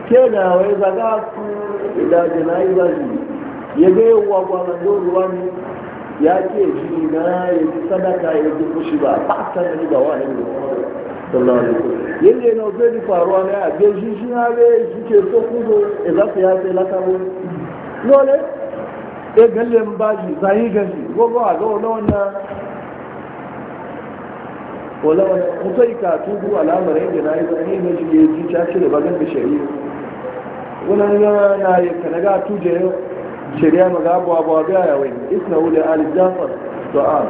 ke da wai zaga jana'iza ya ga yawa gwanon ruwan ya ce shi na ya ji sadaka ya ji kushi ba ba ta da ga wani ne sallallahu alaihi wasallam yana zai di faruwa ne a biyan shi shi na ga shi ke so kudo ya za su ya sai lakabo dole ya gallin baji zai gashi gogo a ga wani wannan wala wani mutai ka tudu al'amarin da na yi zai ne shi ya ji ta shi da bagan da shari'a wannan yana na yi kanaga tuje yau shirya maga abuwa biya ya wai isna wule ali jafar su'ad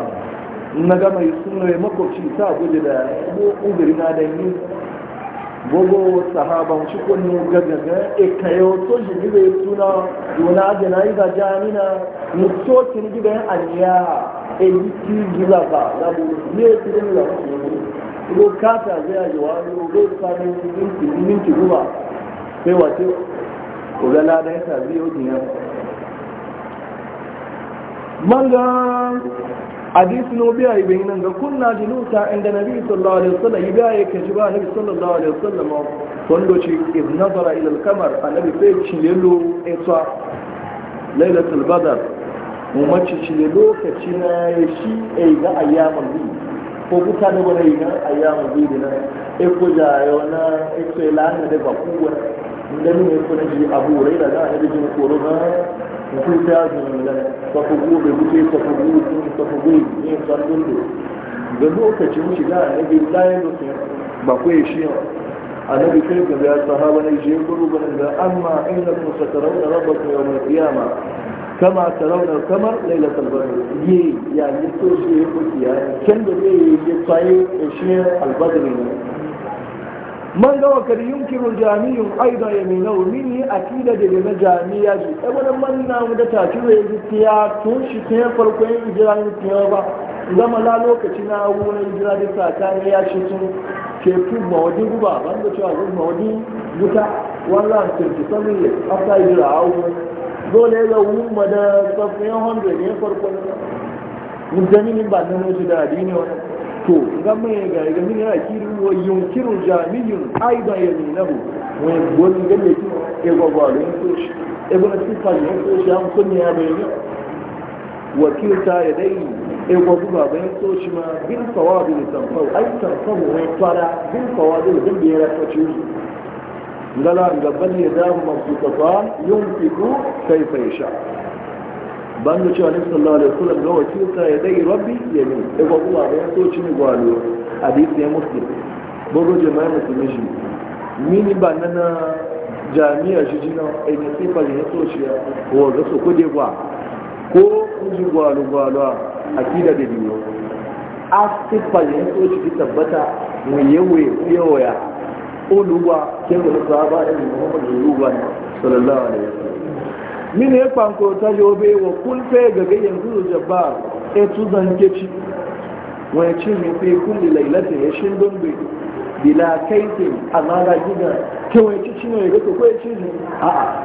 na gama yi suna yi makwabci ta guji da ubiri na da yi gogo sahaban shi kunni gaggaga e yau to shi gida ya suna yana na yi ga janina mutokin gida ya aliya e yi ti gida ba bu ne ti gani da ko kata zai yi wani ko sami minti minti guba sai wace ko ga ladan ta biyo dinan manga ga hadisi no biya bayin nan ga kunna jilusa inda nabi sallallahu alaihi wasallam ibe ya kaji ba nabi sallallahu alaihi wasallam wando ci ibn nazara ila al-qamar annabi sai ci lelo eto lailatul badr mu mace ci ka ci na shi ai ga ayyamul bi ko kuka da wani ga e ayyamul bi na e ko ja yo na e ko la da ba ku لم يكن جي أبو ريلا لا يجي كورونا وكل تازم لنا تفقود بكي تفقود تفقود مين تفقود بلو كتشمش لا نبي لا يدوسين بقوي شيء النبي كيف يا الصحابة نجي قلوبا إذا أما إنكم سترون ربكم يوم القيامة كما ترون القمر ليلة البدر يي يعني تو شيء يقول يعني كان بدي يطيب شيء البدر يعني mangawa ga wa kar yumkinu jamiyun aida yaminau mini akida da na jami'a ji ai wannan manna da tafi da yutiya tun shi ta farko yin hijira ba zama la lokaci na abu na hijira da sakani ya shi tun ke guba ban da cewa guba wadi guta wallahi tirki sanin ya afta hijira awu dole ya wu ma da safiyan 100 ne farko ne mun jami'in ba nan wajen da adini wannan to idan mai ga ga min yana kirin wa yunkiru jamiyun aida ya min nahu wa wani galle ki e gogo ne to shi e gwagwa ci fa ne so shi an kunni ya bai ne wa ta ya dai e gogo ba bai to shi ma bin sawabi san tanfau ai tanfau ne fara bin sawabi da bin yara ta ci ngala gaban ya da mu mabukatan yunfiku kaifa yasha ban da cewa nufin sallallahu alaihi wasallam ga wace sa ya dai rabbi ya ne ya ga ya so ci ne ya muslim bogo jama'a musulmi shi mini ba na na jami'a shi jina ai ne sai fa ya so shi ko ga so ko dai gwa ko ji gwalo gwalo akida da biyo asifa ya so shi tabbata mu yawe yawa uluwa kewa sahaba ibn muhammad uluwa sallallahu alaihi wasallam min ya kwanko ta yobe wa kun fe gaga yanzu da jabbar e tu zanke ci wa ya ci mai fe kulli lailata ya shi don bai kai kaifin a zara gida ke wani ya ci cinu ya gato ko ya ci ne a a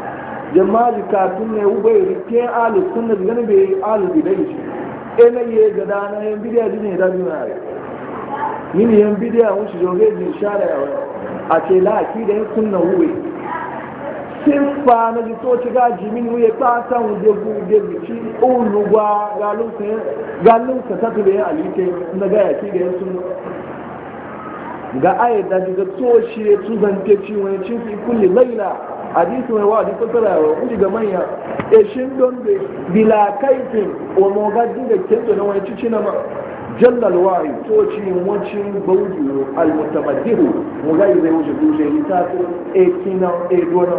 jama'a katun ne ubai rike alu sun da gani bai alu bidai shi e na yi ga dana yan bidiyar ji ya da biyu na rai min yan bidiyar wuce jogai jin shara yawon a ce la'aki da ya kunna ubai siffa na jitoci gaji min wuye ɓata wuje guje bici uluwa galinsa ta tule ya alike na gaya ki ga yansu? ga ayi da daga toshi ya tuzante ci wani cin fi kulli laila hadisi mai wa'adi ko tsara wa kuji ga manya e shin don be bila kaifin wa mogaji da kento na wani cici na ma jallal wa'i toci wancin bauju al-mutabaddihu yi zai wuce duje ta e kina e dona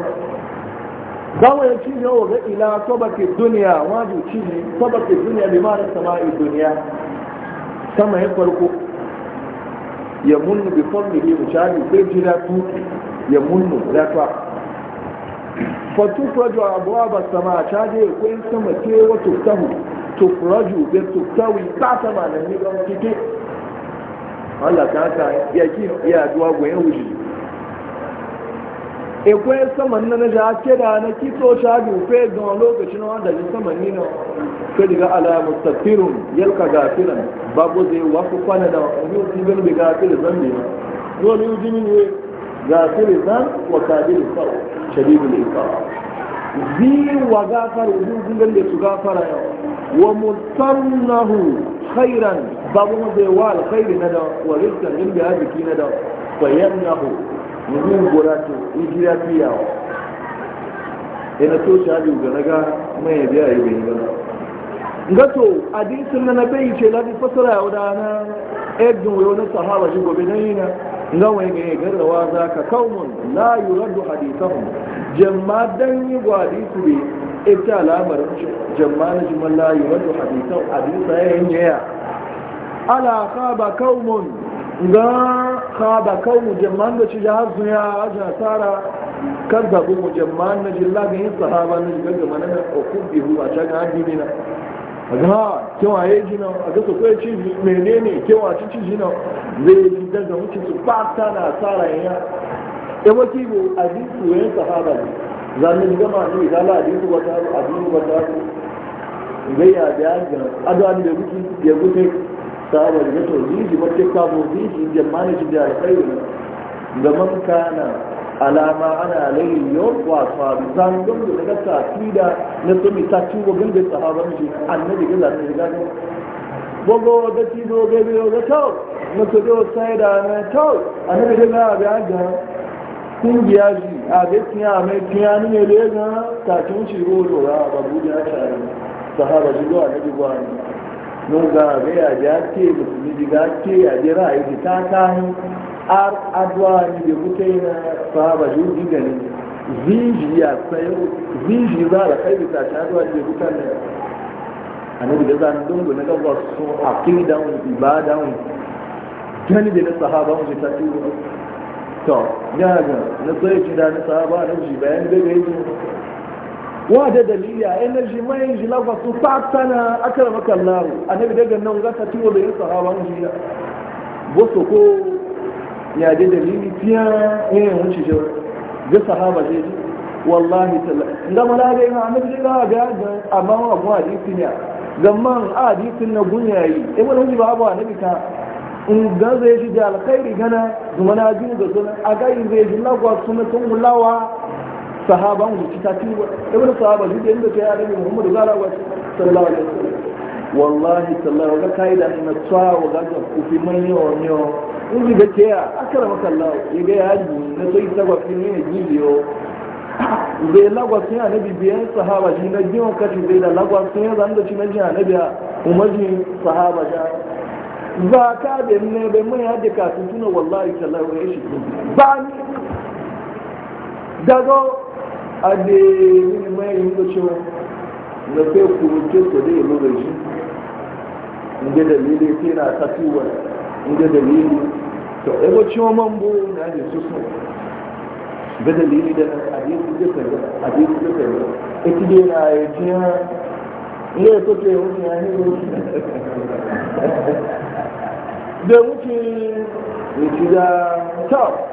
gawa ya cinye wa ga ila tabaki duniya wajin cinye tabaki duniya bi mara sama'i duniya sama ya farko ya munnu bi fadlihi mushari sai na tuki ya munnu da ta abuwa ba sama chaje ko in sama ce to tuftahu da bi tuftawi ta sama nan ni ga kike Allah ta ta ya ki ya duwa goyen wuji ekwe saman na ja kira na kito shagi fe don lokacin wanda ji saman nina ke daga ala mustafirun yalka gafiran babu zai wasu kwana da wani usibin bi gafirin zan ne dole yi jini ne gafirin zan wa kadirin sau shadidu ne sau zi wa gafar wujin gan da su gafara yau wa musannahu khairan babu zai wa alkhairi na da wa rizkan jin bi hajjiki na da fayannahu mumin gora to igira fiyawa ina to shabi ga naga mai biya yi bai gana gato hadisin na na bai ce ladi fasara ya wadana ebdin wayo na sahaba shi gobe na yina nga wai ga garrawa za ka kaumun la yuraddu hadithahum jamma dan yi gwadi su be ita alamar jamma na jiman la yuraddu hadithahum hadisa yayin yaya ala kaba kaumun ga khaba kai mujamman da ci jihar su ya aja tara kan zaɓi mujamman na jilla ga yin sahaba na jigar da manana a kubbi hu a can an ne na a ga kewa ya ji na a ga su kai ci ne kewa ci ci ji na zai yi daga mutu su ba ta na tsara ya ya wata bu a ji su yin sahaba ne zanen gama ne ga la a ji su wata abu wata abu zai ya biya ga adu da ya gutu tsawar na tauhidi wacce ka tauhidi da manajin da kai alkhairu da man kana alama ana alayhi yau wa sabi zan don da daga tafida na sami ta ci wa da sahaban shi annabi ga zan riga ne gogo da ti do ga biyo ga to na to do sai da na to annabi ga ga ga ga kungiya ji a bai tiya mai tiya ne ne ga ta tun shi go do ga babu ya tare sahaba ji go annabi go annabi nuga ga ya ji ake musulmi ji ga ake ya ji ra'ayi ta ar adwa ni da kuke na sahaba ji ya sayo zinji za da kai bisa ta adwa ji kuka ne annabi da zan dungu na ga wasu aqidan ibadan gani da sahaba ji ta tuwo to ya ga na sai sahaba na ji bayan da gaji wada dalili a energy mai ji lagwa su fatana akara maka a annabi daga nan ga tiwo da yin sahaba jiya boso ko ya da dalili tiya eh mun wuce jo ga sahaba je ji wallahi tala da malaga dai ma annabi daga ga ga amma wa mu hadisi ne zaman hadisin na gunyayi eh wuce ba abuwa annabi ta in ga zai ji da alkhairi gana zumana na da zuna a ga zai ji lagwa na tun mulawa. sahaban wuce ta ci ibn sahaba duk inda ta yi annabi muhammadu sallallahu alaihi wasallam wallahi sallallahu ga kai da na tsawo ga ga kufi mai yawa ne in ji ga ke akara maka Allah ya ga ya ji na sai ta ga fini ne gidiyo zai lagwa sun annabi biyan sahaba shi na biyan kashi zai da lagwa sun yana zanda shi na jiya na biya umarjin sahaba ja za ka da ne ba mai hajji kafin tuna wallahi sallallahu alaihi wasallam ba ni daga ade mini mai yi da cewa na fe kuruke ko da yabo da shi inda dalili ke na tafiwa inda dalili to ebo cewa man bo na ne su so da dalili da na hadisi da kaza hadisi da kaza e ita dai na ya e tiya ne ko ke wani ya ne da mutum ne ci da tau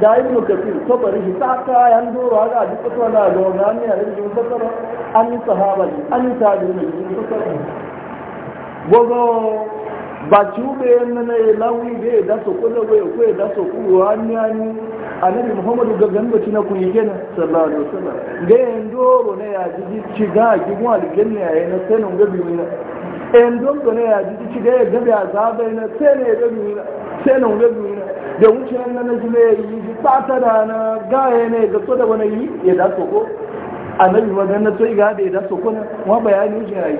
da ibn kafir to bari shi ta ka yan doro ga duk na ga ne a cikin fasara an sahaba an tabi'in cikin fasara gogo ba cube nana ya lawi da ya daso kuna waya ko ya daso muhammadu kun yi gina sallallahu alaihi wasallam ga yan doro ya ji ci ga gimu na sanin gabi e, yan doro ya ji ci ga ya gabi na sanin gabi sanin gabi da wucin na na ya yi ji ɓata da na gaya ne ga so da wani yi ya da soko wajen magana to iga da ya da soko na wa bayani wuce ya yi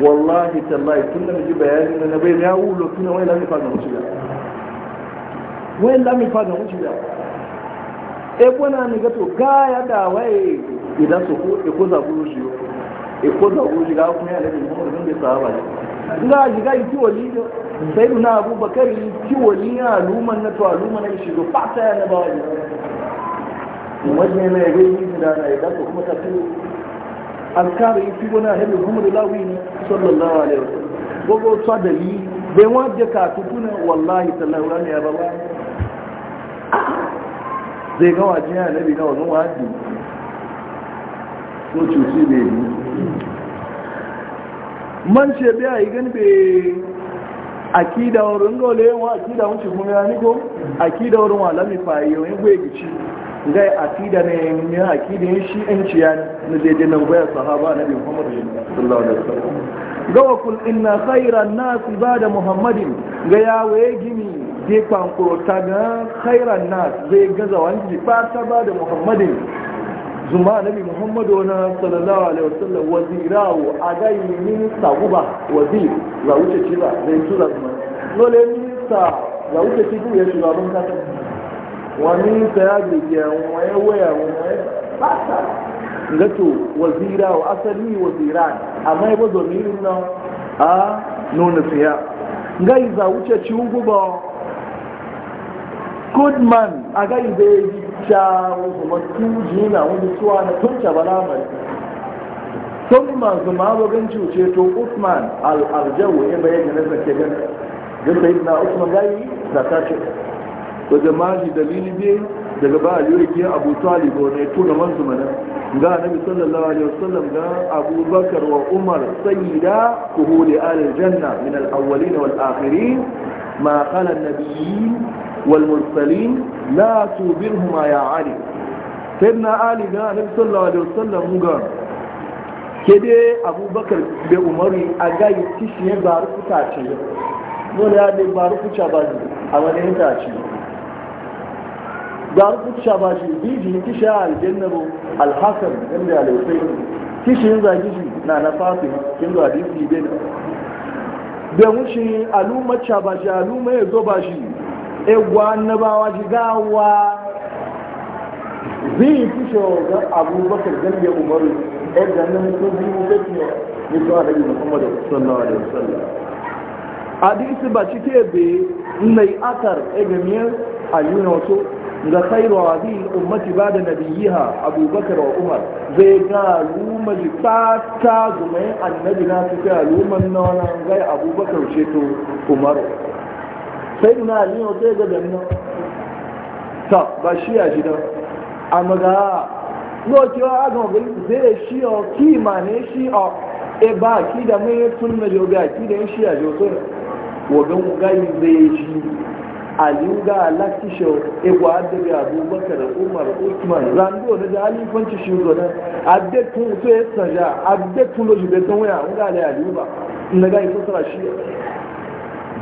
wallahi tallahi tun da ji bayani na na bai ya wulo tun da wani lami fa ga wuce ya wani lami fa ga wuce ya e kwana ni gato gaya da waye idan soko e ko zaburu shi e ko zaburu shi ga kuma ya da ni mu da ga ga yi tiwo lijo sai na abubakar yi kiwo ni ya luman na to luman na shi ba ta na ba wani wajen na yaga yi da na yaga ko kuma tafi alkara yi kiwo na hebe kuma da lawi ne sallallahu alaihi wasallam gogo tsa da yi bai wajen ka tukuna wallahi sallallahu alaihi wasallam zai ga wajen ya nabi na wani wajen so cuci ne man ce biya yi gani bai akida wurin dole wa akida wunci kuma ya niko akida wurin wa lami fayi yau gwe gici ga akida ne yin akida yin shi an ciya na jeje na gwaya sahaba na bin Muhammad sallallahu alaihi wasallam ga wa kul inna khairan nas ba'da muhammadin ga ya waye gimi je kwankuro ta ga khairan nas zai gaza wani ba ta bada muhammadin zuma nabi muhammadu na sallallahu alaihi wasallam wazirawo a gai minista guba wazir za wuce ci ba zai tura zuma dole minista za wuce ci ya shugaban kasa wa minista ya bibiya wa ya waya wa basa bata gato wazirawo asali ne. amma ya bazo mirin nan a nuna fiya gai za wuce ci guba goodman a ga ibe jawo kuma tuji na wani suwa na tunce balamari sun masu mawagan cuce to usman al-arjawu ya bayan da nasa ke gan zai na usman gari zaka ce ko maji dalili biyu daga ba a ke abu talibu ne tuna manzu mana ga annabi sallallahu alaihi wasallam ga abu bakar wa umar sayyida kuhuli Ali janna min al awwalin wal akhirin ma qala an nabiyyin wal mursalin la tubirhuma ya ali sayyidina ali ga annabi sallallahu alaihi wasallam ga kede abubakar da Umar a gayi kishiyar ba rukuta ce nuna ya ne ba rukuta ba ne a wani ta ce ga rukuta ba shi biji kisha aljannabu alhakan inda alhussein kishin zagi shi na na fafi kin zo hadisi bin da wuce aluma cha ba shi aluma ya zo ba shi egwa annabawa shi gawa zai kisha ga abubakar dan ya umaru e nan ko sun biyu da ke ne su da daga muhammadu sallallahu alaihi wasallam hadisi ba cike bai nai akar egamiyar aliyuna wato ga khairu hadhihi ummati ba'da nabiyha Abu Abubakar wa Umar zai ga luma ta ta zumai annabi na su ga luman nan zai Abu Bakar ce to Umar sai na ali ne zai ga dan ta ba shi ya ji da amma ga ki wa ga zai shi o ki ne shi o e ba ki da mai sunna jo ga ki da shi a jo to wa ga zai shi aliuga lati show ebo adabi abubakar umar usman zando na da alifanci shi zo na adde tun to ya saja adde tun lo jibe tun ya nga le aliuba na ga iso sara shi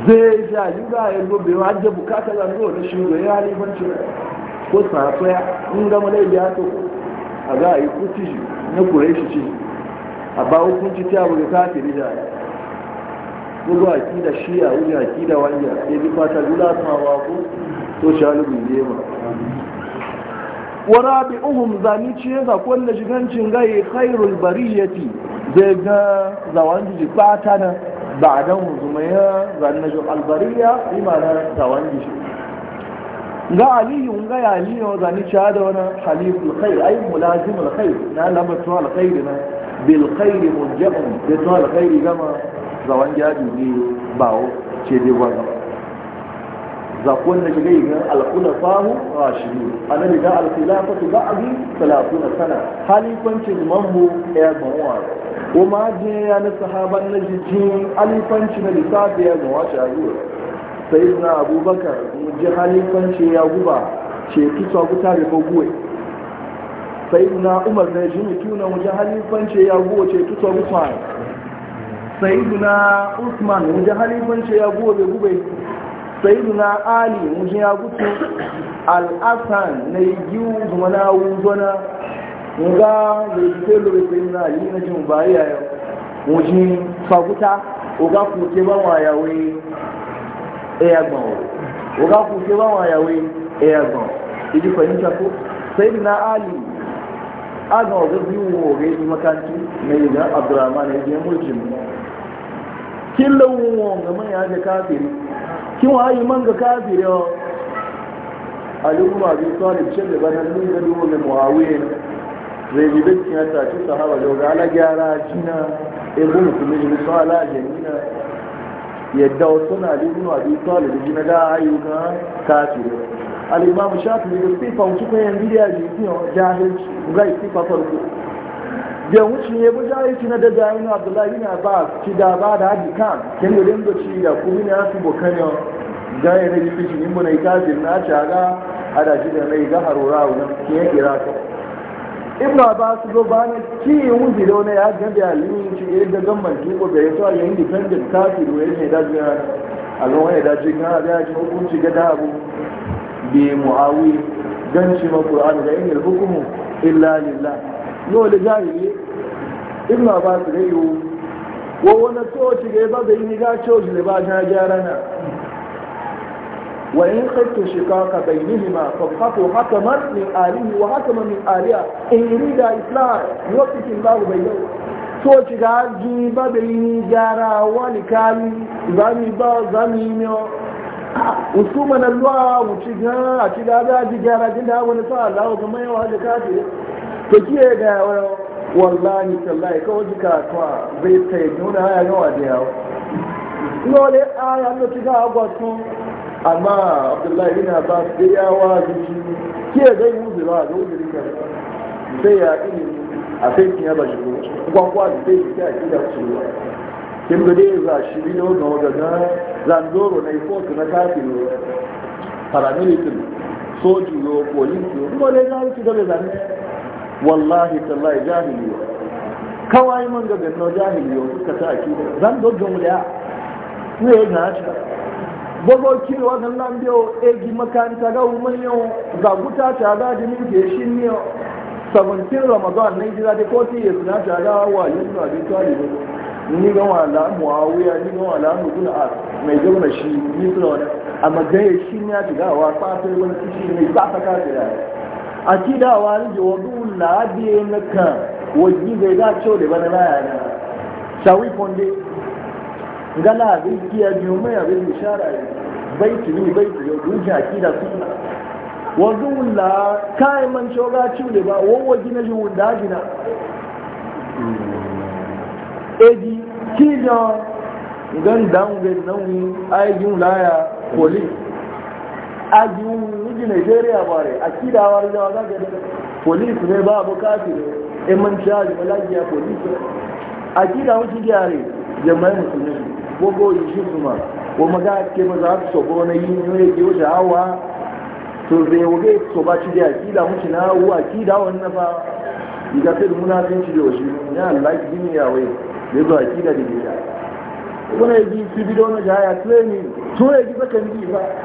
zai ja aliuga ya go be adde bukata zando na shi zo ya alifanci ko sa so ya in ga mala ya to a ga yi kuti na kureshi shi a ba hukunci ta abu ta kafiri da ya gbogbo àkídà ṣíyà orí àkídà wáyà ebi pàtàkì láti máa wà fún tó ṣàlùbù ilé mọ̀ wara bi uhum zani ci ya zakon da shigancin gaye khairul bariyati zai ga zawan jiji bata na ba dan zumaya zan na shi albariya imana zawan jiji ga aliyu ga aliyu zani ci da wani haliful khair ay mulazimul khair na lamatu al khair na bil khair munjam bi al khair gama jadi ne bawo ce dai wannan zakon da ga al-qula fahu a shiru a na daga alfilafa ba'di 30 a bi talafuna sana halifancin mambo ya gawa kuma je ya na sahaban na jijin alifanci na lissafi ya gawa azuwa sai na abubakar ji halifanci ya guba ce tuta guta da kogowe sai na umar na mu tuna wajen halifanci ya guba ce tuta guta sayiduna usman halifin halifanci ya gobe gube sayiduna ali wajen ya gutu al'asan na yiwu zuma na wuzona nga zai lori sayiduna ali na jin bayi Mun wajen faguta oga kuke ba wa yawe eyagbọn eh, oga kuke ba wa yawe eyagbọn eh, idi fahimta ko sayiduna ali a oga biyu wo ga yi makarantu na yi ga abdurrahman ya je mulkin Kin wọn ga mọ́ ya kafiri kin kí wọ́n á yí mọ́ ga káfìrí ọ alúgbà bí sọ́ọ̀lì ṣẹlẹ̀ bá na ní ìgbẹ́lú wọn mọ̀ àwẹ́ rẹ̀ bí bẹ́ẹ̀ kí wọ́n ala ṣe sàhábà lọ ga alágbára jìnnà ebú mùsùlùmí ní sọ́ yadda wasu na alúgbà bí sọ́ọ̀lì jìnnà dá ayò gan káfìrí alìmọ́ mu ṣáàtì ní ìgbẹ́ da wuce ya bu jari tuna da jari na abdullahi na ba ci da ba da haji kan kin da dinga ci da ku ne asu bokanyo jayi ne ki ci in bune kafin na ci aga da shi da mai ga harura wa ke ya kira ka ibnu abbas go ba ne ki yun bi dole ya ga da alimi ci ya da gamman ki ko da ya to ya independent kafin wa ne da jiya a ga wani da ji ga da ji hukunci ga da abu bi muawi shi ma qur'ani da yi hukumu illa lillah yau da jahili in ma ba su rayu wa wani coci da ya ba da yi ga coci da ba ta gyara na wa in khiftu ma bainihima haka hakaman min alihi wa haka hakaman min aliha in da yurida islah yuwaffiqu Allahu bainahum coci ga ji ba da yi gyara wani kali zami ba zami ne wasu mana luwa wuce ga a ci gaza ji gyara jin da wani sa Allah ga mai wa da kafin to a ga wallahi tallahi kawai jika tuwa bai sai nuna haya yawa da yawa lole aya da tuka agwa sun amma abdullahi yana ba su da yawa zuci ke zai yi uzura ga uzuri ka sai ya ini a sai kin yaba shi ko gwagwa da sai shi ya kida su ruwa kin bude za shi bi ga na zandoro na ifo na kafin paramilitary sojulo polisi lole za su da wallahi tallahi jahiliyo kawai mun ga ganno jahiliyo suka ta aki zan do jumla ne ga ta bogo kiri wa nan nan biyo egi eh, makanta ga umman yau ga guta ta ga ni ke shin ne tin ramadan ne jira da koti ya suna ta ga wa yin da bi tali ni ga wala la muawiya ni ga wala mu kula a mai gauna shi ni sura amma ga shi ne ya ga wa fa sai wani shi ne ba ta ka da a ti da wa ni wadu du la bi na e ka wo ji de ga cho de bana la ya sawi ponde ngala bi ki ya ju me ya shara bai ti ne, bai ti yo du ja ki da sunna wa du la kai e man cho ga chu ba wo wo ji na ju da na eji ki jo ngan dan ngan nan ai e ju la ya police ajin miji nigeria bare a kidawar da za ga police ne ba abu kafi ne in man charge malagiya polisi. a kida wuce gyare jama'ai musulmi gogo yi shi kuma ko maga ke ba za su sobo na yi ne ya ke wuce hawa to zai wuge so ba shi da akida wuce na hawa akida wannan fa iga sai muna kan shi da wasu ya Allah ya wai zai zo akida da gida wọ́n yẹ di ti bidon na jaya tireni tí wọ́n yẹ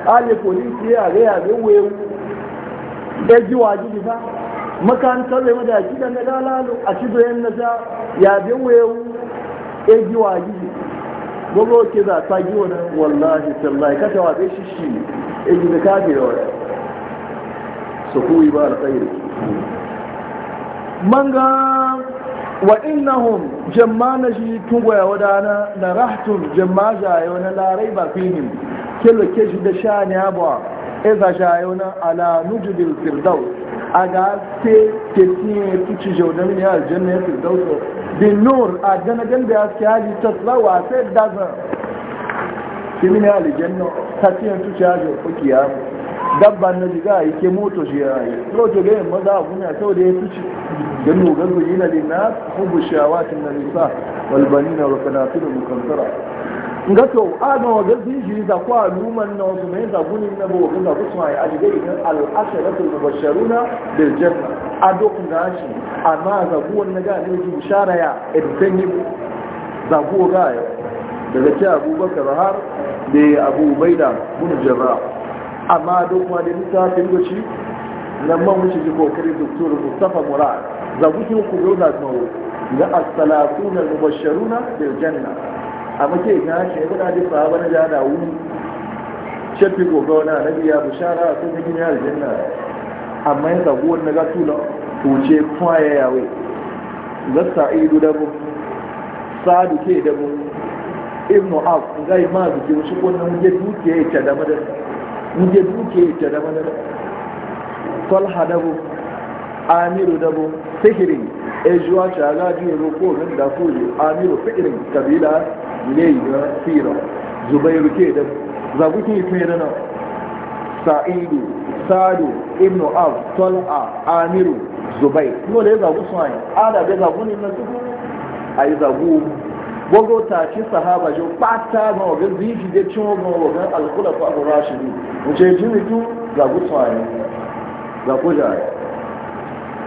a ne kodin su yi a ní a zai àgẹ́ ya ji wa ji ìfà makarantar da mada ji da na lalo a ci doyen na ta ya zai bi ya ji wa ji gogo ke za ta gi wani wallahi tallahi kata wa bai shishi eji da kafe yawa su kuwi ba alkhairi manga wa innahum jammana shi tungwaya wadana na rahtun jamma jayo na larai ba fihim kilo ke shi da sha ne abuwa eza jayo na ala nujubil firdau a ga ke ke tiye tuci jaunar ne aljanna ya firdau so bin nur a ganagan da ya ke haji ta tsawa sai dazan kimini aljanna ta tiye tuci haji ko kiyamu Dabba na jiga yi ke moto shi ya yi rojo ga yin maza abu ne a sau da ya fi ci don nugar su yi na lina hubu shawatin na nisa walbani na rakanatu da mukantara ga to aga wa ga sun shi da kwa luman na wasu mai da gunin na bawa ga ku sai a jiga idan al da mubashsharuna bil janna a dokun gashi amma ga guwan na ga ne ji shara ya idan yi da guwa ga daga ce abubakar har da abu baida bin jarrah amma duk wani littafin da shi nan man wuce ji kokari doktor Mustafa Murad za wuce ku yau da mu ga as-salatuna mubashsharuna bil janna amma ke ga shi guda da sahaba na da wu shafi gogo na nabi ya bushara da yi gini aljanna amma ya zagu wannan ga tula tuce kwaye yawe za sa'idu da mu sadu ke da mu ibnu af ga ma zuke shi wannan ke duke ya ta da madarsa nje duke ta da wani talha dabo amiru dabo sihirin ejuwa shaga biyu roko min da kuli amiru fi'irin kabila ne ga sira zubairu ke da ke fe da nan sa'idu sadu ibnu ab tol'a amiru zubair no da ya zagu sun ayi ada da zagu ne na suku ayi zagu gbogbo tashi sahaba jo pata ma ogan ziji de cin ogan ogan alkhulafa abu rashidi wuce jini tu ga gutsaye ga kujaye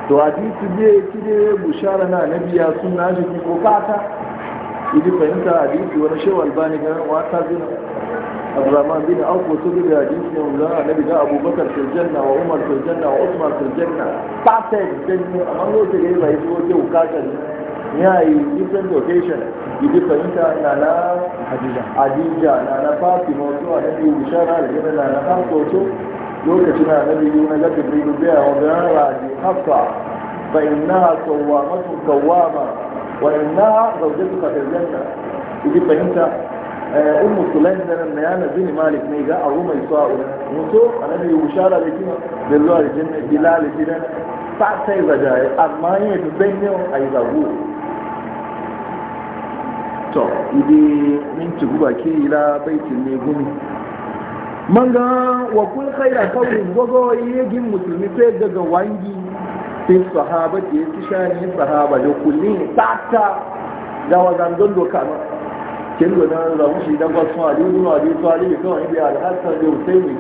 to hadisi ne kide bushara na nabiya sunna ji ko pata idi fahimta hadisi wani shehu albani ga wata zina abdurrahman bin auf wasu bi hadisi ne wanda annabi ga abubakar fil janna wa umar fil janna wa usman fil janna pata janna amma lokacin da yayi zo ke ne. ya yi different location idi fahimta na na hadija na na fatima wasu a nabi bishara da gina na na hafsa wasu lokacin na nabi yi na gafi bai rubiya wa bayan raji hafsa fa innaha sawwamatu sawwama wa innaha zawjatuka fil janna idi fahimta ummu sulaim da nan ya nabi ni malik ne ga abu mai sa'u mutu annabi bishara da kima da zuwa da janna bilal gidan passa e vai amanhã é bem-vindo a Isaú. To, ide minti guba ke ila baitin ne gumi. Manga wa kun khaira kawai gogo yegin musulmi sai daga wangi sai sahaba ke tishani sahaba da kullin tata da wazan don doka kin gona da mushi dan ba su ali ibn abi talib kawai bi al-hasan da husaini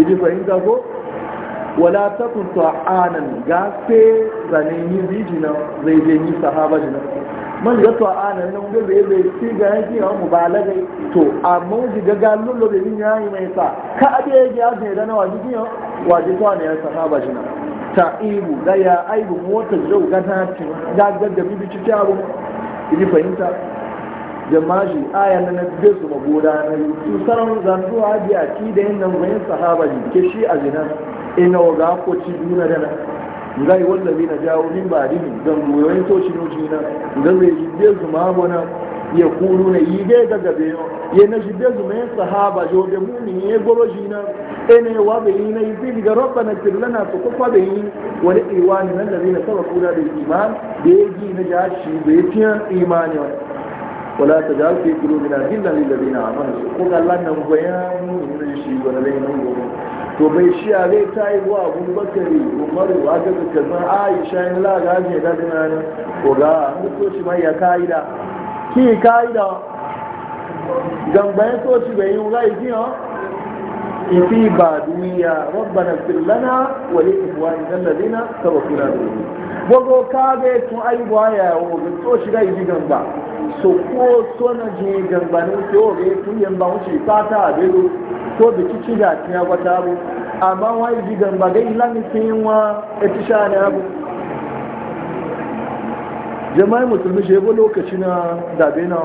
idi fahimta ko wala ta kunta anan gafe zanen yi biji na zai je yi sahaba jina man ga to anan nan ga zai zai ci ga yake mu balaga to amma ji ga gallon lo da yin yayi mai sa ka abe ya ga da na waji biyo waji to ne sahaba jina ibu da ya aibu motar zau ga ta ci ga ga da bibi ci abu ni fahimta jama'a aya na nabi su magoda na yi su sarar zantuwa biya ki da yin nan bayan sahaba ji ke shi a zinan ina wa ga ko ci duna da na ngai wanda bi na jawo min ba dini dan goyoyin to shi noci na dan zai yi da zuma bona ya kulu na yi ga ga gabe yo ya na shi da zuma sahaba jo da mu'min ya goro shi na ene wa be yi na yi ga rabbana kir lana to ko fa be yi wa da iwani nan da zai sababu da iman da ya ji na ja shi bai tiyan imani ولا تجعل في قلوبنا ko للذين امنوا وقال mu بيان shi gona ولا بين نور to bai shi zai ta yi wa abun bakari umaru a daga kazan aisha la laga ne da dina ne ko ga mutoci mai ya ka'ida ki ka'ida gambayin soci bai yi wula ikiyan في بادوية ربنا اغفر لنا ولإخواننا الذين سبقونا ka wago kage tun aibuwa ya yawo ba to shiga yi gamba so ko so na je gamba ne ko ga tun yan ba wuce fata a bedo ko da kici da tiya wata abu amma wa yi gamba ga ilami tin wa etisha ne abu jama'i musulmi shebo lokaci na dabe na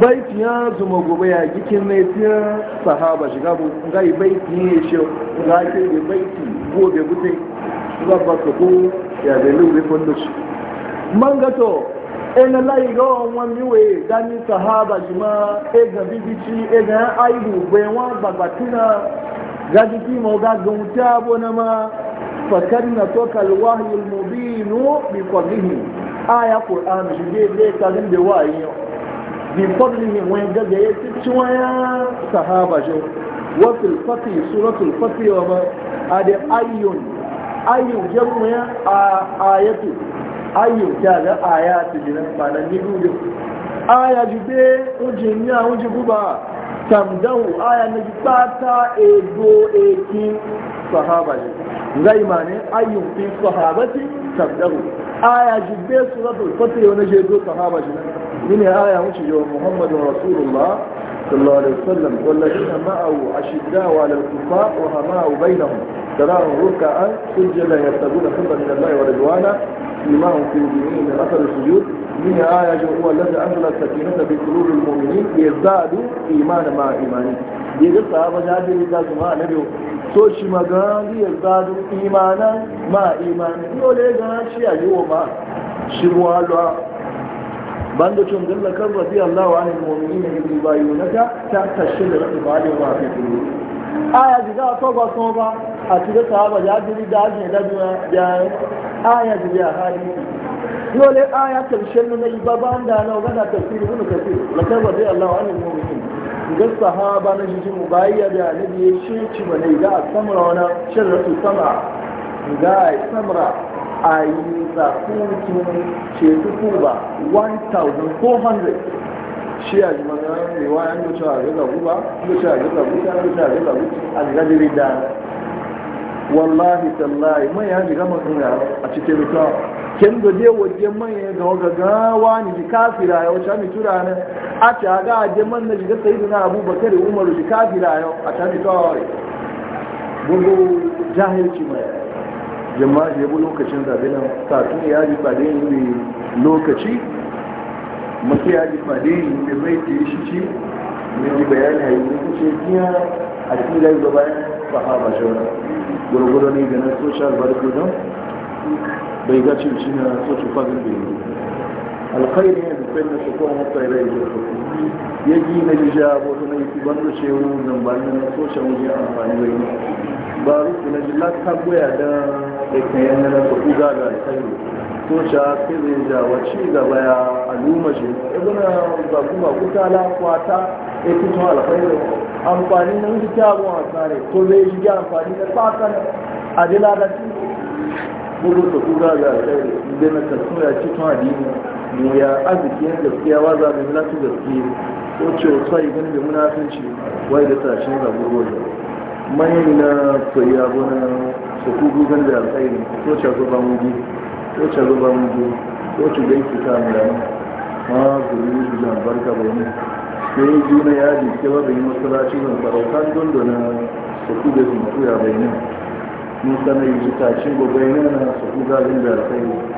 baiti ya zuma gobe ya gikin ne fiye sahaba shiga bu gai baiti ne shi ga ke da baiti gobe gudai za ba ka ko ya da lura kwallo shi man gato ina layi ga wọn miwe dani sahaba shi ma e ga bibici e ga aibu bai wa babatuna ga jiki mo ga gauta bo na ma fakar na tokal wahyul mubinu bi qablihi aya qur'an shi zai zai kalin da wayi بفضله وين قد يتبش ويا صحابة جو وفي الفتي سورة الفتي وما هذا أيون أيون جمع آية أيون جاء آيات جنة معنى نقول آية جبه وجنة وجبه تمدو آية نجباتا إيدو إيكين صحابة جو zai mane ayyun fi sahabati tabdaru aya jibbe suratul fatr wa najidu sahabati ne aya wuce yo muhammadun rasulullah صلى الله عليه وسلم والذين معه أشداء على الكفار وهماء بينهم تراهم ركعا سجدا يبتغون حبا من الله ورضوانا فيما هم في وجوههم من أثر السجود من آية هو الذي أنزل السكينة في قلوب المؤمنين ليزدادوا إيمانا مع إيمانهم دي قصة جابر إذا سمع نبيه so shi سوشي ما قال لي يزدادوا إيمانا مع إيمانه يقول gana shi a yi wa ma shirwa banda cin gilla rabi Allah wa anil mu'minina idh yubayunaka ta tashil ibadi wa fi qulubi aya diga to ba so ba a cikin sahaba ya diri da ne da ya aya diga hali dole aya tashil na ibaba da na ga da tafsir ibn kasir lakan rabi Allah wa anil mu'minina ga sahaba na jiji mubayya da na biye shi ci bane ga samra wana shirratu sama ga samra ayizakutun ba 1400 shi a jimanin rewa yan yi cewa gaza ba yi cewa gaza guta yi cewa ya guta a gajiri da wallahi tallahi mai ya jiga masu ya a cikin rika kin da je waje man ya ga gawa ni ji kafira ya wuce mi tura ne a ta ga aje man na jiga sayyidina abubakar umaru ji kafira ya a ta mi tawaye gugu jahilci mai jama'a da yabo lokacin zaɓe nan kafin ya ji fade ne lokaci maki ya ji fade ne mai zai ke shi ce mai ji bayani a yi kuce biya a cikin da gari da bayan sahaba shawara gwargwaro ne ganin social barcode bai gace shi na social fagen alkhairi ne da sai na shiko mata rai da su ya ji na ji ja bo na yi ban da shehu nan ba na so shan wuce amfani da yi ba rufu na ji lakka goya da da kayan na da kuɗu ga ga alkhairi Ko sha sai zai ja wace gaba ya al'umma shi ibn ba kuma kuta la kwata ya fito alkhairi amfani na wuce ta abu a tsare ko zai yi ga amfani da fatan adila da su gudu ta kuga ga alkhairi idan na kasuwa ya ci tun adini mu ya arzikin gaskiya wa za mu lati gaskiya ko ce sai gani da munafinci wai da tashin zaburwa mai na soyayya gona su kugu gani da alkhairi ko ce zo ba mu ji ko ce zo ba mu ko ce zai ki ta mu da ma guri su da barka ba ne sai juna ya ji ke bai yi masallaci ban saraukan dondona su kugu da su tuya bayin mun sanai ji tashin gobe ne na su kugu gani da alkhairi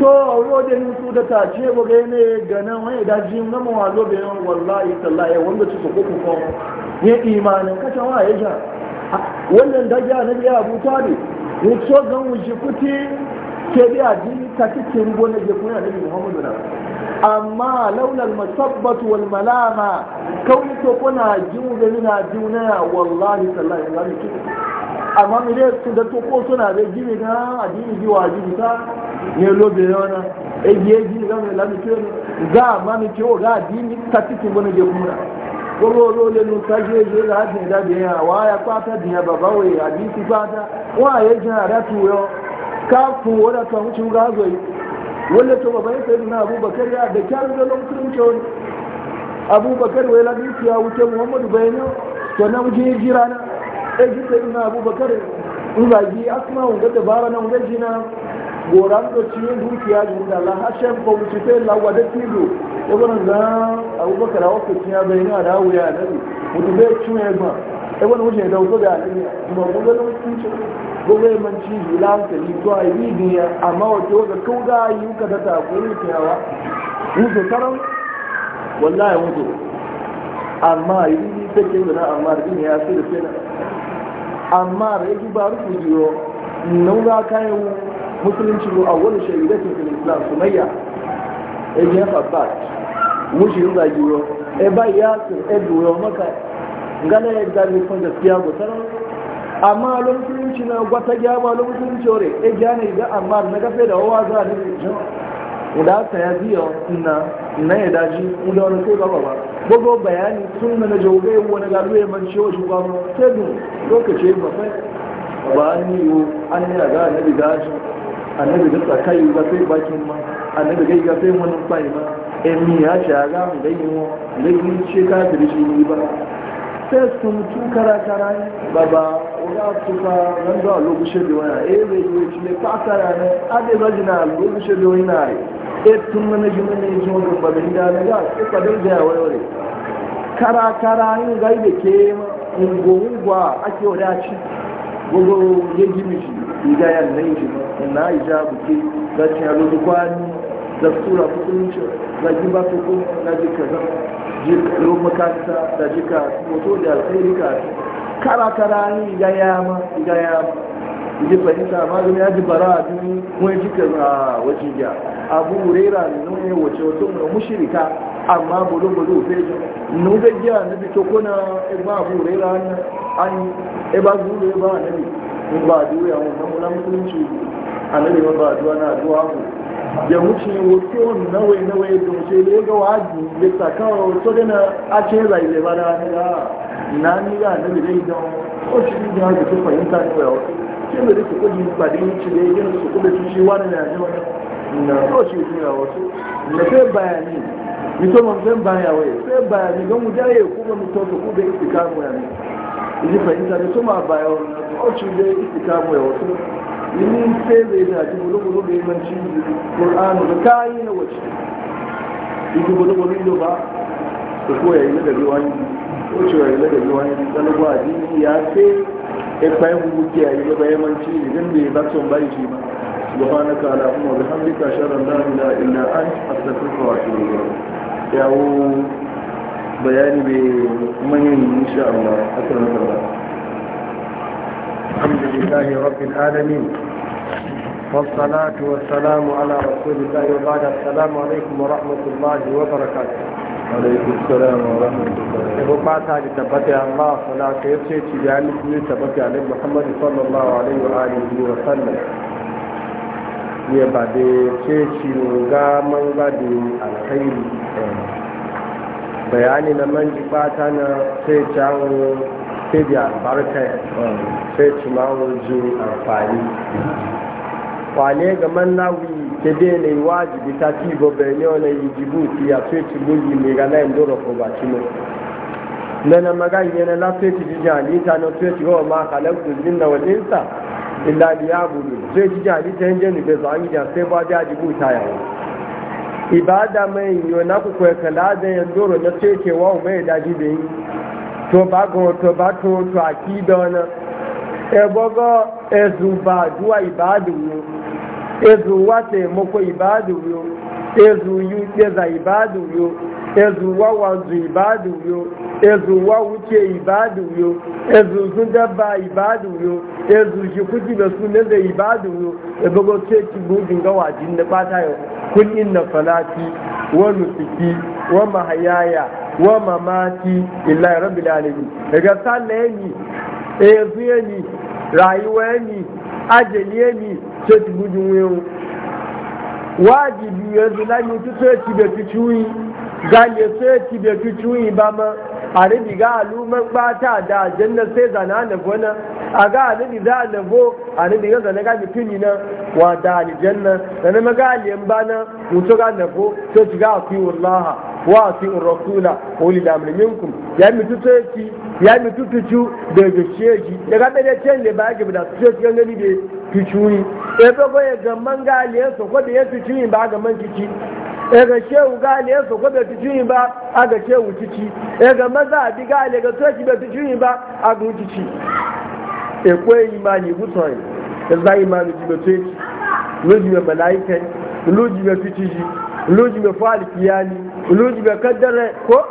so ro da ni su da tace ba ga ne ga nan wai da ji mun mu walo be yan wallahi tallahi wanda su ko ku ko ne imanin ka ta waye ja wannan da ja na ya Abu Talib ni so mu wuji kuti ke da ji ta cikin gona je kuna da Muhammadu na amma launar masabbatu wal malama kawai to kuna jiwu da nuna jiwu na wallahi tallahi wallahi amma mi dai su da tuko suna da jini da addini ji wa ji ta ne lobe yana e ji ji ga mai lami ke ga amma mi ke ga addini ta tiki mun je kuma ko ro ro le nu ta je je la ji da biya wa ya kwa ta biya baba wa ya ji ti kwa ta wa ya ji na ratu yo ka ku wala ka mu ci ga zo yi wala to baba ya sai na abubakar ya da kyar da lon kun ce wani abubakar wai la ya wuce muhammadu bayano to na mu je ɗan shi sai na abubakar in zagi asma wunga bara na wajen jina goran da cikin dukiya ji da Allah hashem ba wuce sai da tilo ya gwanin zan abubakar a wasu ciya bai na da wuya na ne mutu bai ciwo ba ya wani wuce da wuce da alayya kuma mun ga zama cikin ciwo gobe man ci ji to a yi biya amma wace wata kauga yi ka da ta wuce karan wallahi wuce amma yi ta amma da ya sai da sai na amma da ya duba rufu biyo nan za ka yi musulunci a wani shaidatun su islam sumayya e jin abbas mushi za biyo e ba ya su e yau maka gana ya gani kun gaskiya gutar amma lo musulunci na gwata gyama lo musulunci ore e gyana idan amma na gafe da wawa za a nufi uda saya biyo na na ya daji da wani ko gaba ba gogo bayani sun na jauge wani garu ya man ciwo shi kwamo sai dun lokaci ba sai ba ni yo an ne ga annabi daji annabi da tsakai ga sai bakin ma annabi gai ga sai wani sai ma emi ya shaga mu dai mu dai ni ce ka dirshi ni ba fesum tun karakara baba oga ba nan da lobu shebe wani e bai yi ci ne fakara ne ne baji na lobu shebe wani na yi e tun mana jima ne jima don ba da hinda na ga su kadar da yawa yau ne karakara yin gai da ke ngowungwa ake wadaci gogo ya gimi shi idayan na yi shi na yi ja buke zaci a lobu kwani da sura kusurin shi ba su na ji kaza yau makaranta da jika moto da alkhairi ka kara kara ni ga yama ga yama ji fahimta magani ya ji bara a duni wani jika a wajen ya abu hurera ne ne wace wato mai mushirika amma bulu bulu fejo nu ga jiya na bi to kuna ba abu hurera ne an e ba zuru e ba nabi ba duya mun mun musulunci annabi ba duwa na duwa ku ya wuce wato nawa nawai ya wuce da ya ga waji ya saka na a ce zai zai na ni na bi shi da ha ji fahimta ne ba shi da kudi ba da yi ci da shi wani na ji wani na ko shi ne ya na sai bayani mito man zan baya waye sai bayani don mu jaye kuma mito su kuma istikamu ya ne fahimta su yin sai zai na ji bulu-bulu da yamanci ƙur'anu da kayi na wace yi bulu-bulu ido ba da ko yayi na wani ko ce yi na wani tsanin ji ya ce ya kwaye hukuki yayi da bayamanci idan bai ba son bai shi ba subhanaka allahumma wa bihamdika ashhadu an la ilaha illa anta astaghfiruka wa atubu ilayk yawo bayani bai manyan insha Allah akan Allah الحمد لله رب العالمين والصلاة والسلام على رسول الله وبعد السلام عليكم ورحمة الله وبركاته عليكم السلام ورحمة الله الله صلاة يبسي محمد صلى الله عليه وآله وسلم ya sai da albarka mm. sai tunawo wajen amfani Kwale ga mannawi ke dai ne wajibi ta ci gobe ne wani yi jibuti a sai ci bugi mai gana yin dora ko ba ci ne na magana ne na lafiya ci jijin halitta na sai ci gawa ma halittu na wa jinsa illa ya gudu, sai jijin halitta yin jini bai zuwa gidan sai ba da jibuta yawo ibada mai yi wani kuka kala da yan doro na sai ke wa mai daji da yi tobago tobato to akidona ebogo ezuba duwa ibadu yo ezu wate moko ibadu yo ezu yu ibadu yo ezuwa wanzu ibadu yo ezuwa wuce ibadu yo ezu sun dabba ibadu yo ezu shi kuci da su ne da ibadu yo da bago ce ki gudun gawa jin da fata yau kun inna salati wa nusuki wa mahayaya wa mamati illahi rabbil alamin daga sallaye ni ezu ye ni rayuwa ni ajali ye ni ce ki gudun yo wajibi yanzu lami tutu ya ci da ci ganye sai ki da cucuyi ba ma a rabi ga aluman bata da janna sai zana na gona a ga alibi za a nabo a rabi ga zana ga mutuni na wa da aljanna zana ma ga aliyan ba na mutu ga nabo sai ki ga a afi wallaha wa afi rasula wa li lamri minkum ya mutu sai ki ya mutu tucu da gashe ji ya ga da cen da ba ga da sai ki gani da tucuyi e ba ga ga man ga aliyan so ko da ya tucuyi ba ga man kici ega shehu gane su ko bai tuci ba a ga shehu cici ega maza a bi gane ga soci bai tuci ba a ga cici e ko imani gutoyi da e za imani ji bai tuci luji bai malaika luji bai tuci luji bai fali kiyani luji bai kaddara ko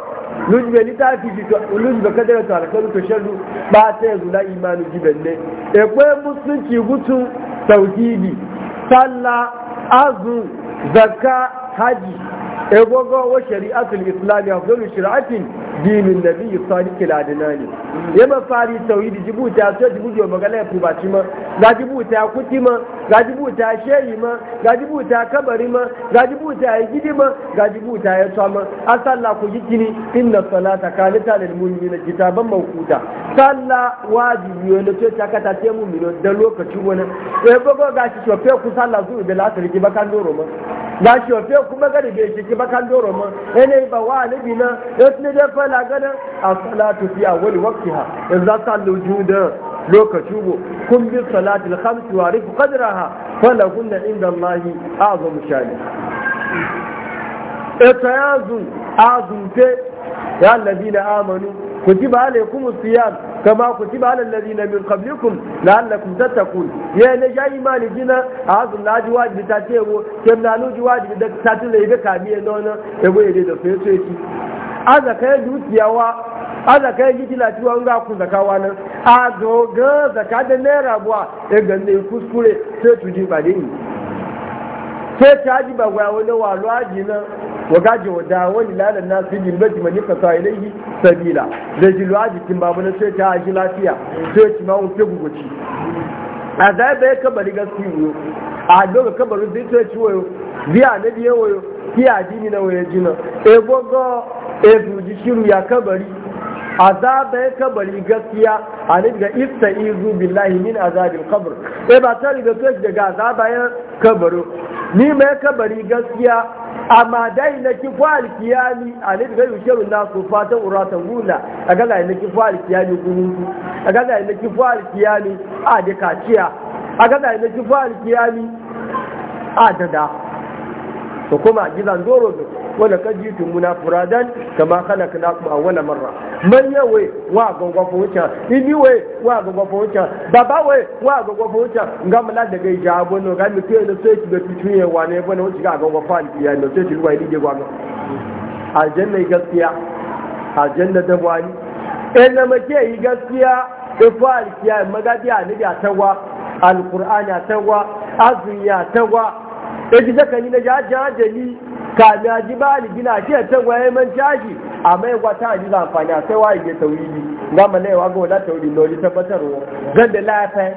luji bai litafi to luji bai kaddara to alƙalu to sharru ba ta yanzu la imani ji balle e ko musulunci gutun tauhidi sallah azu zakka الحاج ابو إيه غو شريعه الاسلام يفضل شرعه dinin nabi ke al ne ya ma fari tauhid jibuta so jibujo magala ya kubaci ma ga jibuta kuti ma ga jibuta sheyi ma ga jibuta kabari ma ga jibuta ya gidi ma ga jibuta ya tsama asalla ku gikini inna salata kanita lil mu'minina kitaban mawquta salla wajibi ne to ta kata te mu'mino da lokaci wani ya bago ga shi shofe ku salla zuwa da latar ki bakan doro ma ga shofe kuma ga da be shi ki bakan doro ma ene ba wa nabi na ya tsine da la gadan as-salatu fi awwal ha in za ta lujuda lokaci go kun bi salatil khamsi wa rifu qadraha fala kunna inda Allahi azam shani etayazu azunte ya na amanu kutiba alaykumus siyam kama kutiba ala na min qablikum la'allakum tattaqun ya ne ya imani jina azun ji wajibi ta tewo kem na ji wajibi da ta tilla ibe kamiye nono ego yede da fesoyi azaka ya dukiyawa azaka ya gidi latiwa ga ku zakawa nan a zoga zaka da naira buwa ya e ganda ya kuskure sai tuji ba yi. sai ta ji ba gwaya wani walo aji nan wagaji wa dawon ilalar nasu jilbati mani sa ilaihi sabila da jilwa jikin babu na sai ta aji lafiya sai ci ma wuce guguci a zai bai kabari gaskiyo yau a doga kabarin zai sai ciwo yau biya na biya wayo kiya jini na waya jina ebogo e zuji shiru ya kabari azaba ya kabari gaskiya a ne ga istaizu billahi min azabil kabar e ba ta riga to daga azaba ya kabaro ni mai kabari gaskiya amma dai na ki fal kiyami a ne daga yushiru na su fata urata guna a ga na ki fal kiyami gunun a ga na ki fal kiyami a da kaciya a ga na ki fal kiyami a dada. da to kuma gizan doro doro wala kad jitumuna furadan kama kuma awwala marra man yawe wa gongo focha ibi we wa gongo focha baba we wa gongo focha ngam la daga jabo no ga mi tele so ki be tuye wa ne bona o ga gongo fa ni ya no so ti ruwa ide gwa aljanna gaskiya aljanna da wani Ina na make yi gaskiya ifa alkiya magadi anabi atawa alqur'ani atawa azriya atawa eji zakani na jaja jali kamiya ji ba ni gina ce ta gwaye man caji? a mai wata a ji zamfani a sai wa ke tauridi ga mana yawa ga wadata tauridi lori wajen tabbatarwa zan da lafa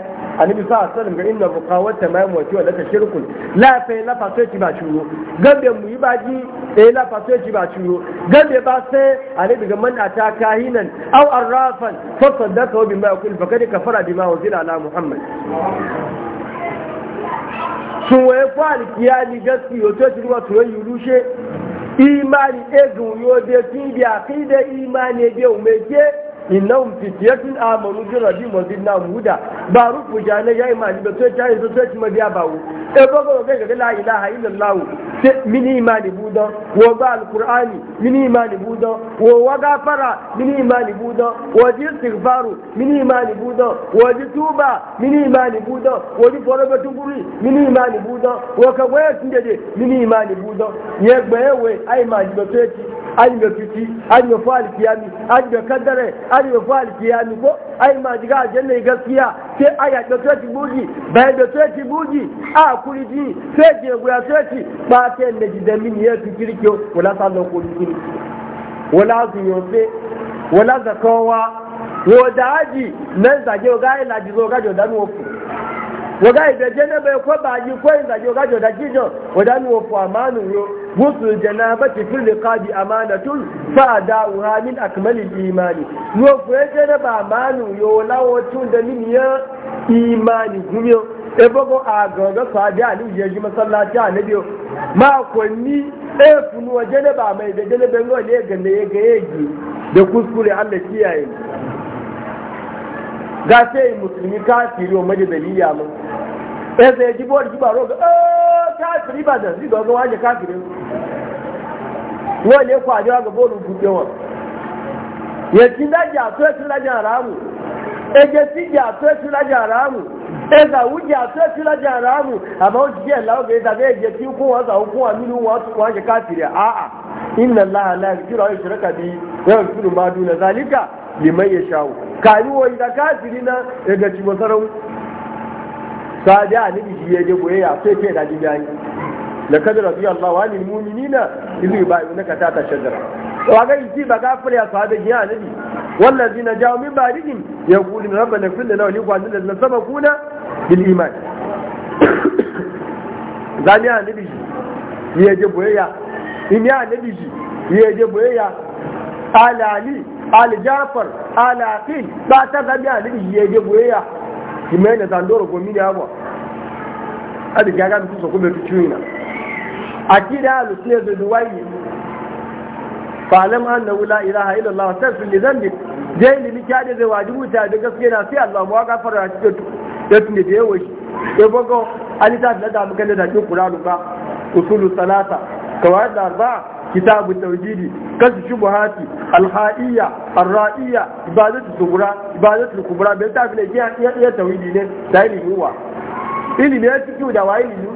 nufi sa sallam ga inna wata mai yamwati wa la shirkun la fa la fa ba shuro gambe mu yi baji eh la fa sai ba shuro gambe ba sai a annabi ga man ta kahinan au arrafan fa saddaka bi ma yaqul fa kad kafara bima na ala muhammad sun waye kwali kiyali gaski o to tiruwa turo imani egun yo de fi bi akide imani de umeje innahum fitiyatun amanu bi rabbihim wa na huda ba rufu jana yayi ma ba tayi ma biya bawo e ba ko ga la ilaha illallah te mini imani budo wo ba alqur'ani mini imani budo wo wa gafara mini imani budo wo ji istighfaru mini imani budo wo ji tuba mini imani budo wo ji forobe tunguri mini imani budo wo ka waye tinde mini imani budo ye ai ma ba to an ga fiti an ga fa alkiyami an ga kaddare an ga fa alkiyami ko ai ma diga aljanna gaskiya sai aya da sai buji bai da sai buji a kuriji sai je guya sai ba sai ne jidan min ya fikiri ko wala sallan ko fikiri wala zuyofe wala zakawa wo daji nan zage ga ila jizo ga jodan wofu wọ́gá ìbẹ̀jẹ́ náà bẹ̀rẹ̀ kọ́ bàájí kọ́ ìgbàjẹ́ ọ̀gájọ́ ìdájíjọ́ ọ̀dá ní òfò àmánù ro gúúsù jẹ̀nà bá a fi lè káàdì àmánà tún fàdá òhà ní àkàmẹ́lì ìmánì ní òfò ẹjẹ́ náà bá àmánù ro láwọ́ tún dẹ níyàn ìmánì gúnmíọ́ da kuskure allah kiyaye ga sai musulmi kafiri wa madadali ya eze ya ji bori eh, kafiri ba da zai ga waje kafiri wani kwa jawa ga bori wa ya ci daji a so ya ci daji a ramu e ci ya ci daji a ramu e ga wuji a ya ci daji a ramu amma ga ya e ga ya e ci ko wa za wa liman ya shawo kayi wani da kafiri na ya gaci masarau sadi a nabi shi ya je goye ya sai fiye da jibi yayi la kad allah wa lil mu'minina na yubayunaka ta tashajara wa ga yi ba gafir ya sahabi ya nabi والذين na من بعدهم يقولون ربنا اغفر na ولإخواننا الذين سبقونا بالإيمان zani a nabi shi ya je boyayya in ya nabi shi ya je ya alali aljafar alaqil ba ta gabi alibi yege ki mai na zandoro gomi da abuwa da gaga mutu so kuma tutu a akida alusne zo duwayi falam annahu la ilaha illa allah tasfi li dhanbi dai ni mika da zai wajibu ta da gaske na sai allah mu ga fara shi da tunde da yawon shi ya bogo alisa da da mukan da ke qur'anu ba usulu salata da arba'a كتاب التوجيد كذ شبهات الحائية الرائية عبادة الصغرى عبادة الكبرى بيتعرف لك يا توحيدي ne da ilimi wa ilimi ya cikin da wa ilimi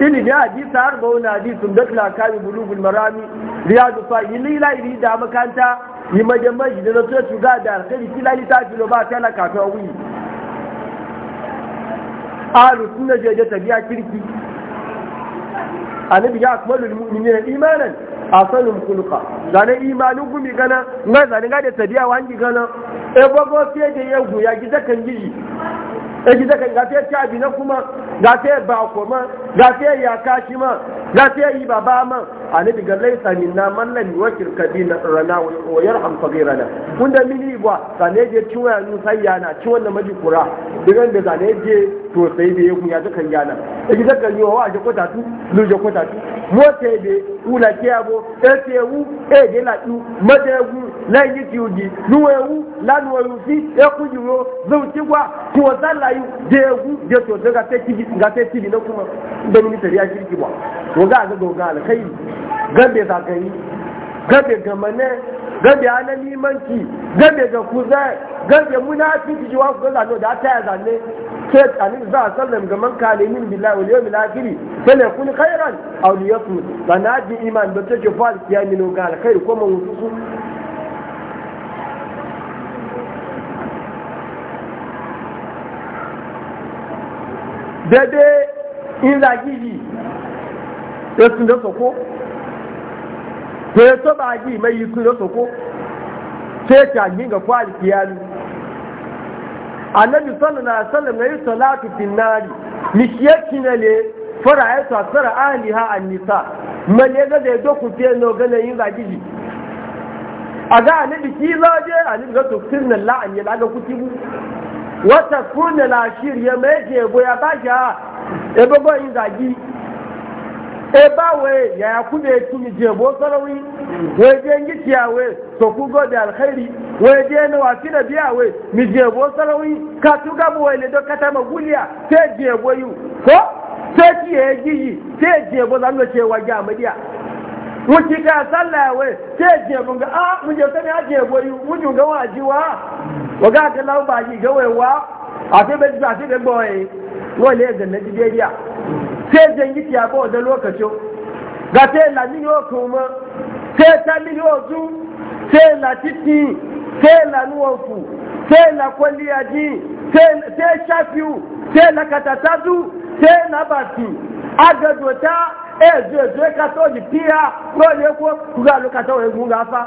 ilimi hadisi har ba wani hadisu, da kula kami bulugul marami riyadu fa yi lila iri da makanta yi majamman shi da na tuya shuga da alkali kila ta filo ba na kafin wuyi suna jeje tafiya kirki annabi ya akmalu mu'minina imanan asalum kulka zane imanu gumi gana ngai zane ga da tabiya wangi gana e bogo fiye da yagu ya gida kan gidi e gida kan ga fiye ta bi na kuma ga fiye ba kuma ga fiye ya kashi ma ga fiye yi baba ma annabi ga laisa minna man lam yuwakil kabina rana wa yarham saghirana kun da mini ba zane je ciwon yanu sai yana ciwon da maji kura daga da zane je to sai da yakun ya zakan yana Daga ji zakan yi wa je kota tu lu je kota tu mota be kula ke abo e te wu e de la tu de wu la yi ti uji lu wu la nu wu fi e ku ji wo zo ti gwa ti wa sala yu de wu je to daga te ti ga te ti na kuma da mini tariya kirki ba to ga ga ga kai gabe zagayi gabe ga mane gabe ana limanci gabe ga kuzai gabe munafiki jiwa ku gaza da ta ya zane sai tsanin za a sallam ga man kalimin billahi wal yawmil akhir sai ne kuni khairan aw liyakun bana ji iman da take fa ya no ga alkhair ko man wusu daidai in yi ya sun da soko sai to ba ji mai yi kuyo soko sai ta ginga fa alkiyami annabi sallallahu alaihi wasallam yayi salatu fin nari mishiyaki ne le fara ya tsara ahliha an-nisa male ga da do ku fiye no ga ne yin zagiji a ga annabi ki zaje annabi ga to sirna la an yi laga kutibu wata kunna la shirya mai je boya ba ja ebe go yin ji. e ba waye ya kuma ya tumi je bo sarawi wai je ngi kiyawe to ku go da alkhairi wai je na wasi biya we? mi je bo sarawi ka tu ga bo wai do kata maguliya sai je bo yu ko sai ki ya e giyi sai je bo zan ce wa ga madiya wuci ka sallah wai sai je bo ga a ah, mu je ta ne a je bo yu mu ju ga wa jiwa wa ga ga lawa ba ji ga wai wa a be ji a sai be boye wai le ga na ji biya sai jangi tiya ba da lokacin ga sai la mini o kuma sai ta mini o zu sai la titi sai la nuwafu sai la kwaliyaji sai shafiu sai la katatadu sai la bati agadota ezu ezu eka to di pia kuro ni eko e kuga lo e ga fa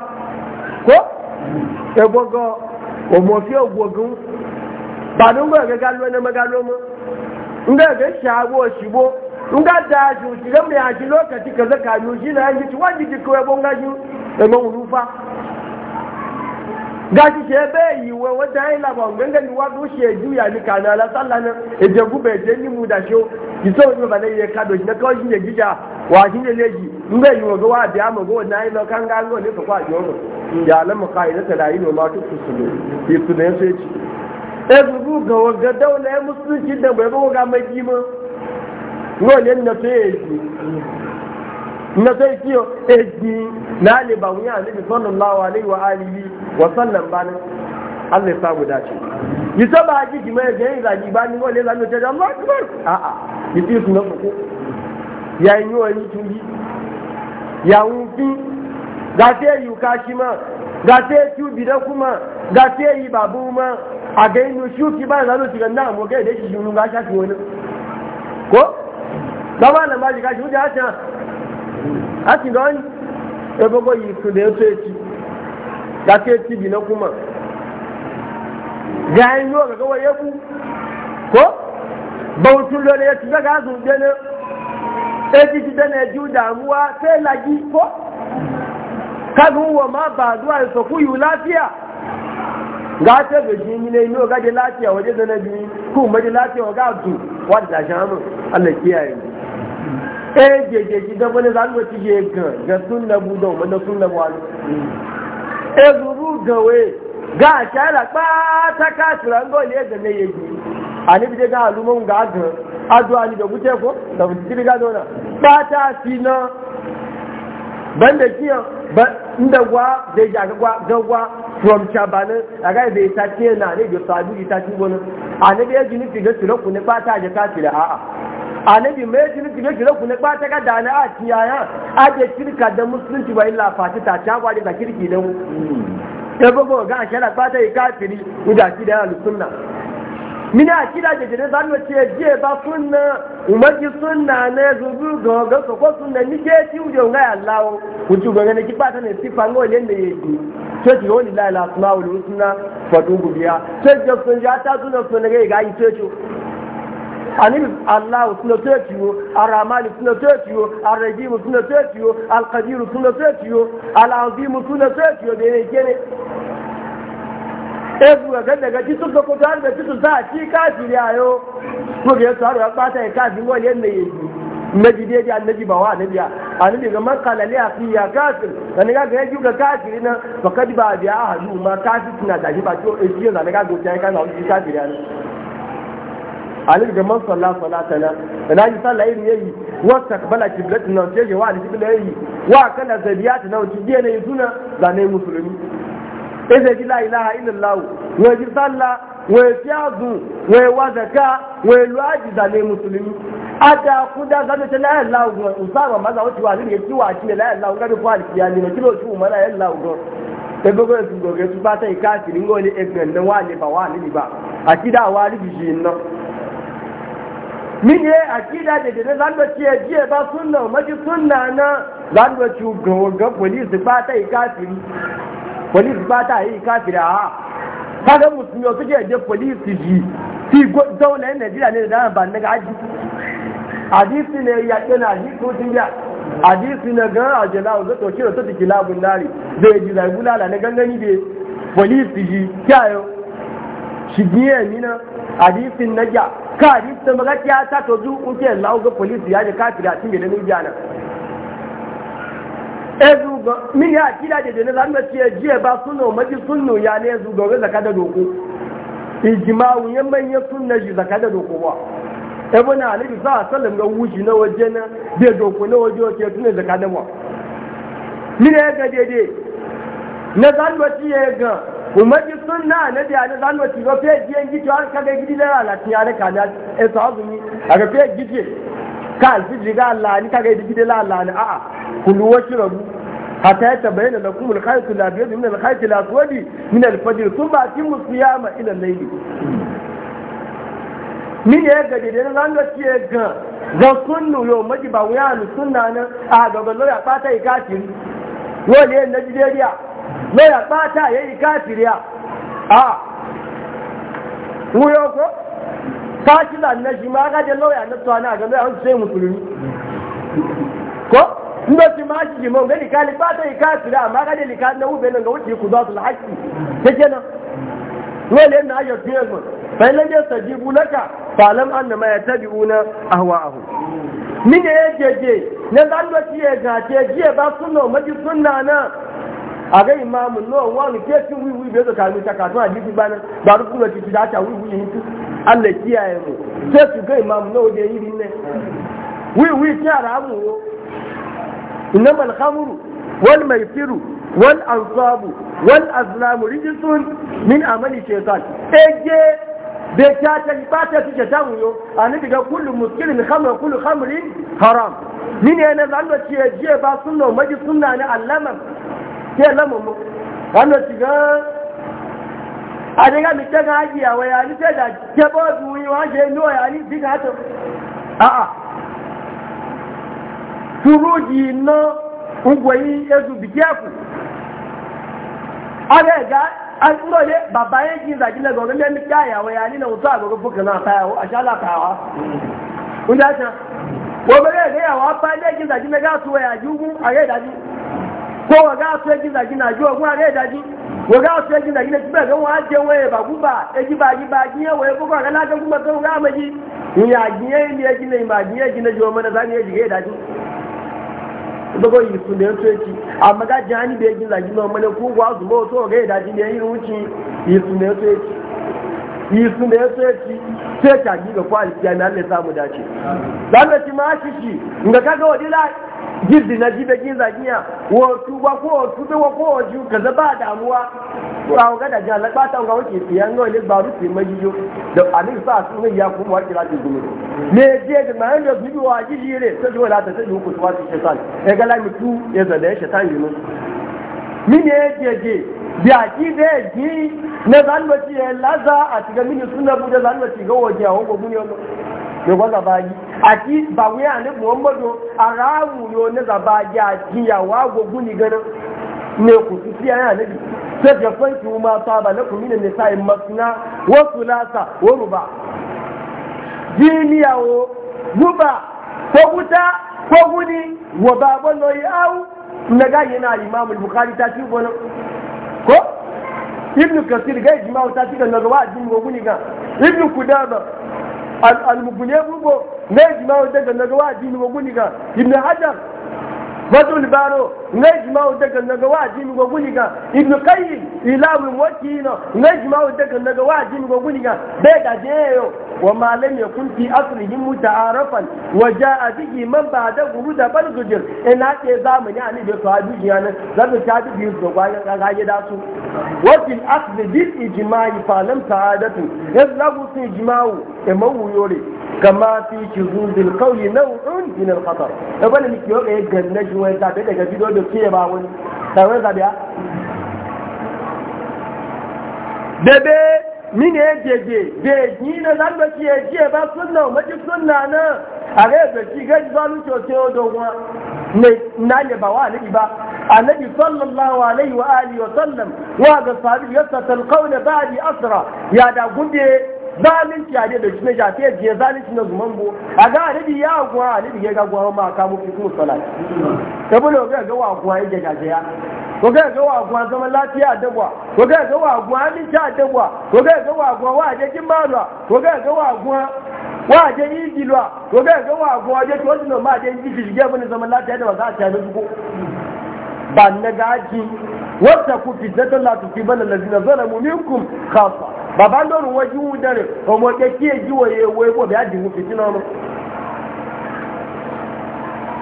ko e ga lo lo mo nga da ju shiga mai yaji lokaci kaza kayu shi na yanki ci wani ji kawai bon gaji da fa? rufa gaji ke bai yi wa wata yi labar ganga ni wa do she juya ni kana la sallah na e je gu be je ni mu da sho ki so ni ba ne ye kado shi na kawai shi ne gija wa shi ne leji in bai yi wa ga wa biya ma ga na yi kan ga ngo ne ka kwa jo ya lamu qaidata la ilaha ma tusulu fi sunan sai ci e gugu ga wa ga daula musulunci da bai ga mai ma. ngole nnato eji nnato ekiyo eji nali ba wuya nabi sallallahu alaihi wa alihi wa sallam bana Allah ya samu dace yi saba haji ki mai ga yin zagi ba ni ngole zamu ce Allah akbar a a yi fi sunan ku ya yi wani tunji ya wufi ga sai yi shi ma ga sai ki bi da kuma ga sai yi babu ma a ga yin shuki ba zalu shiga na mu ga da shi shi mun ga shafi wani ko lọ́wọ́ àlọ́ máa jìkà ṣùgbọ́n àti hàn àti lọ́ọ̀nì egbogbo yìí tún lè tó etí gàtí etí bì náà kú mọ̀ gàá inú ọ̀gẹ̀gẹ̀ wọ̀ yẹ kú kó bọ̀wọ̀ tún lọ́ọ̀lẹ̀ yẹ tìgbẹ́ gàá sùn gbẹ́ etí ti dẹ́nà ẹ̀jú dààmú wa fẹ́ lají kó kágun wọ̀ má bàdúrà ìsọ̀kú yìí láfíà ga ta ga shi ne yau ga da lafiya waje da na biyu kuma da lafiya ga abdu wadda ta sha mu Allah kiyaye mu E jeje gidan wani za mu ci je ga ga budo mu da sunna wani e zuru gawe ga shara ba ta ka ne ga ne yaji ani bi ga alumun ga ga adu ani da gute ko da ga dona ba ta sina banda inda gwa da ya ga gwa ga gwa from chabane ta na ne da sabu ta ci da yaji ni ne ba ta je ka a'a anabi mai shirki ne shirku ne ba ta ga da na a tiyaya a ke shirka da musulunci ba illa fati ta ta gwari da kirki da mu ya bugu ga a shara ba ta yi kafiri shi da yana sunna mina kira da jere zanu ce je ba sunna umarji sunna ne zubu ga ga so ko sunna ni ke ti uje ngai Allah ku ci ga ne ki ba ta ne sifa ngo le ne yi ce ki wani la ilaha illa Allah wa fa dubu biya ce ya ta sunna sunna ga yi ce anil allah suna to tiyo arrahman suna to tiyo arrahim suna to tiyo alqadir suna to tiyo alazim suna to tiyo da yake ne ebu ga daga titu da ko tare da titu za a ci ya yau. ko ya tsaro ya bata ya kafiri wani yanda yake nabi dai da annabi ba wa annabi annabi ga man kala li afi ya kafir kan ga ga yuga kafiri na fakad ba biya ahadu ma kafir suna da shi ba to ejiya da ga go ta kana wani kafiri ne alif ga man salla salatana Na yi salla irin yayi wa takbala qiblatin nan sai wa alif bila yayi wa kana zabiyat nan ki je suna zane musulmi eze ji la ilaha illallah wa yi salla wa tiazu wa wa zaka wa luaji zane musulmi ada kuda zane ta la ilaha illallah usaba maza wuce wa ne ki wa ki la ilaha ga ko alif ya ne kilo su mara la ilaha illallah ebogo esu gogo esu e bata ikasiri ngoli e ba wa wa mini akida da dade zando ci jiye ba sunna maji sunna na zando ga polisi ba ta yi kafiri polisi ba ta yi kafiri ah. a kaga musulmi wasu ke je polisi ji ti zaune yin ne da dama ba hadisi ne ya na ji tutun ya hadisi na gan zai ji zai na gangani da polisi ji kyayo shi ni na hadisin na ja ka hadisin maga ya ta to zu kun ce lawo ga polisi ya ji kafiri a cikin gidan jiya nan ezu eh, ga min ya kira da da zan ga ce jiya ba sunno maji sunno ya ne zu ga zaka da doko ijma'u yan manya sunna ji zaka da doko ba ibn ali bi sa sallam ga wuji na waje na da doko na waje ke tun zaka da ba min ya ga dede na zan ga ce ga umarci suna na da yana zanuwa ci ba fiye jiyan gidi har ka gidi na latin ya da kana e to azumi a ga fiye gidi ka alfi jiga Allah ni ka ga gidi la Allah ni a'a kullu wa shrabu hatta ya tabayyana lakum al-khayt al-abyad min al-khayt al-aswad min al-fajr thumma atimmu siyama ila al min ya gade da na zanuwa ci ga ga sunnu yo maji ba wuya ni sunna nan a ga ga lo ya fata ikati ne na jideriya ya lọ́yà A yẹ́yí káàkiri à à wúyọ́ kó káàkiri ànẹ́jì máa gájẹ lọ́yà lọ́tọ́ àná àgbẹ̀ àwọn ṣe mùsùlùmí ko ndo ti ma ji mo ngani kali pata ikasira ma ga de kan na ube nan ga wuce ku zatul haqqi take nan wale na ayo tiyan mo sai lan ya sajibu laka falam anna ma yatabiuna ahwa'ahu min ya je ne dan do ti ya ga je je ba sunno maji sunna na aga imamu no wani ke cin wiwi bai zo kalmi ta kasuwa jiki bana ba ruku da ciki da ta wiwi yin tu Allah kiyaye mu sai su ga imamu no da yi ne wiwi ta ramu yo innamal khamru wal maisiru wal ansabu wal azlamu rijsun min amali shaytan ege da ta ta ba ta ci ta wuyo an diga kullu muskirin khamra kullu khamrin haram ni ne na zan da ciye ba sunna maji sunna ne allama kí ẹ lọ́mọ̀ mọ́ ti gan adéga mi tẹ́gà ájì àwẹ̀ yà ní tẹ́gà jẹ́ bọ́ọ̀dù ìwọ̀n ṣe inú ọ̀yà ní ìdíkà tó àà ṣúrújì iná ugbò yí ezù bìkí ẹ̀kù abẹ́ bàbá yẹn kí ìzàjílẹ̀ gọ̀ọ̀gọ́ lẹ́mí kí àyàwẹ̀ yà nínú òtú àgọ́gọ́ fókè náà àtàyàwó àṣálà wọ́n bẹ̀rẹ̀ ẹ̀gẹ́ yàwó apá ẹgbẹ́ kí ìzàjílẹ̀ gáàtú ẹ̀yà ko wa ga su yaji zagi na ji wa kuma ga daji wa ga su yaji zagi na ji ba ga wa je waye ba guba e ji ba ji ba ji ya ko ga la ga kuma ga ga ma ji ni ya ji ne ni ya ji ne ma ji ya ji mana zani ya ji ga daji yi su ne to yi amma ga jani be ji zagi no mana ku gwa su mo to ga daji ne yi ruci yi su ne to yi su ne to yi sai ka ji ga kwali ya na Allah samu dace dan da ci ma shi shi ga kaga wadila gizdi na jibe kin zagiya wotu ba ko wotu be ko wotu kaza ba damuwa ba ga da jalla ba ta ga wuce tiyan ga ne ba rufe majiyo da anin sa su ne ya kuma wake lati gumi ne je da mai da bibi wa ji jire ta jo la ta ta ku tuwa ta shaitan e ga la mutu ya zada shaitan yi mun min ne je je da ki da ji na zanwaci ya laza a shiga mini suna bude zanwaci ga wajiya, a hukun guni wannan yọ̀gbọ́n zàbáyí àti bàwé àní muhammadu ara àwùrò ní zàbáyí àti ìyàwó agogun ní gẹ́rẹ́ ní kò sí sí ayé àníbi sẹ́fì ẹ̀fọ́n kí wọ́n máa tọ́ abàlẹ́kùn mí nìyẹn sáà ìmọ̀síná wọ́n tún láṣà wọ́n rùbà jí níyàwó rùbà kọ́kúta kọ́kúni wọ́n bá bọ́ lọ yìí áwù nàgá yìí náà ìmáàmù bukari ta sí wọn ko ibnu kasir gai jima'u ta sí kan lọ́dọ̀ al-mugune bugo ne jima da na gawa addini wa ga ibn hajar fatul baro najma daga naga wajin go guniga ibnu qayyim ilahul wakina najma daga naga wajin go ga. bai da jeyo wa ma lam yakun fi asrihi muta'arafan wa jaa bihi man ba'da guruda bal gujir ina e ke zamani ani da sahabi yana zaka ta bi go bayan ga ya da su wa fil asli bil ijma'i fa lam ta'adatu yazlabu fi ijma'u e mawuyore e kama fi shuzuzil qawli naw'un min al-khatar da bane mi kiyo ga ganna shi wani zaɓe daga bido da ke ba wani da wai zabe bebe min ye jeje be ni na zan ba ki ye ba sunna ma ji sunna na are be ki ga ba lu to te odo wa ne na le ba wa ni ba annabi sallallahu alaihi wa alihi wa sallam wa ga sahabi yatta al-qawla ba'di asra ya da gude zalunci a da shi ne shafe je zalunci na zuman bo a ga alibi ya guwa alibi ya ga guwa ma ka muku kuma salati ta bi ga ga wa guwa ya shafe ya ko ga ga wa guwa zaman lafiya a dagwa ko ga ga wa guwa aminci a dagwa ko ga ga wa guwa wa aje kin malwa ko ga ga wa guwa wa aje idilwa ko ga ga wa guwa je to dino ma je ji je bane zaman lafiya da ba za a ta su ko ba na gaji wata ku fitnatan la tusibanna allazina zalamu minkum khassa baba lóru wọn jí wú dẹrẹ ọmọ kékeré èjì wọ yẹ wo epo bí a dìbò fìtí náà lọ.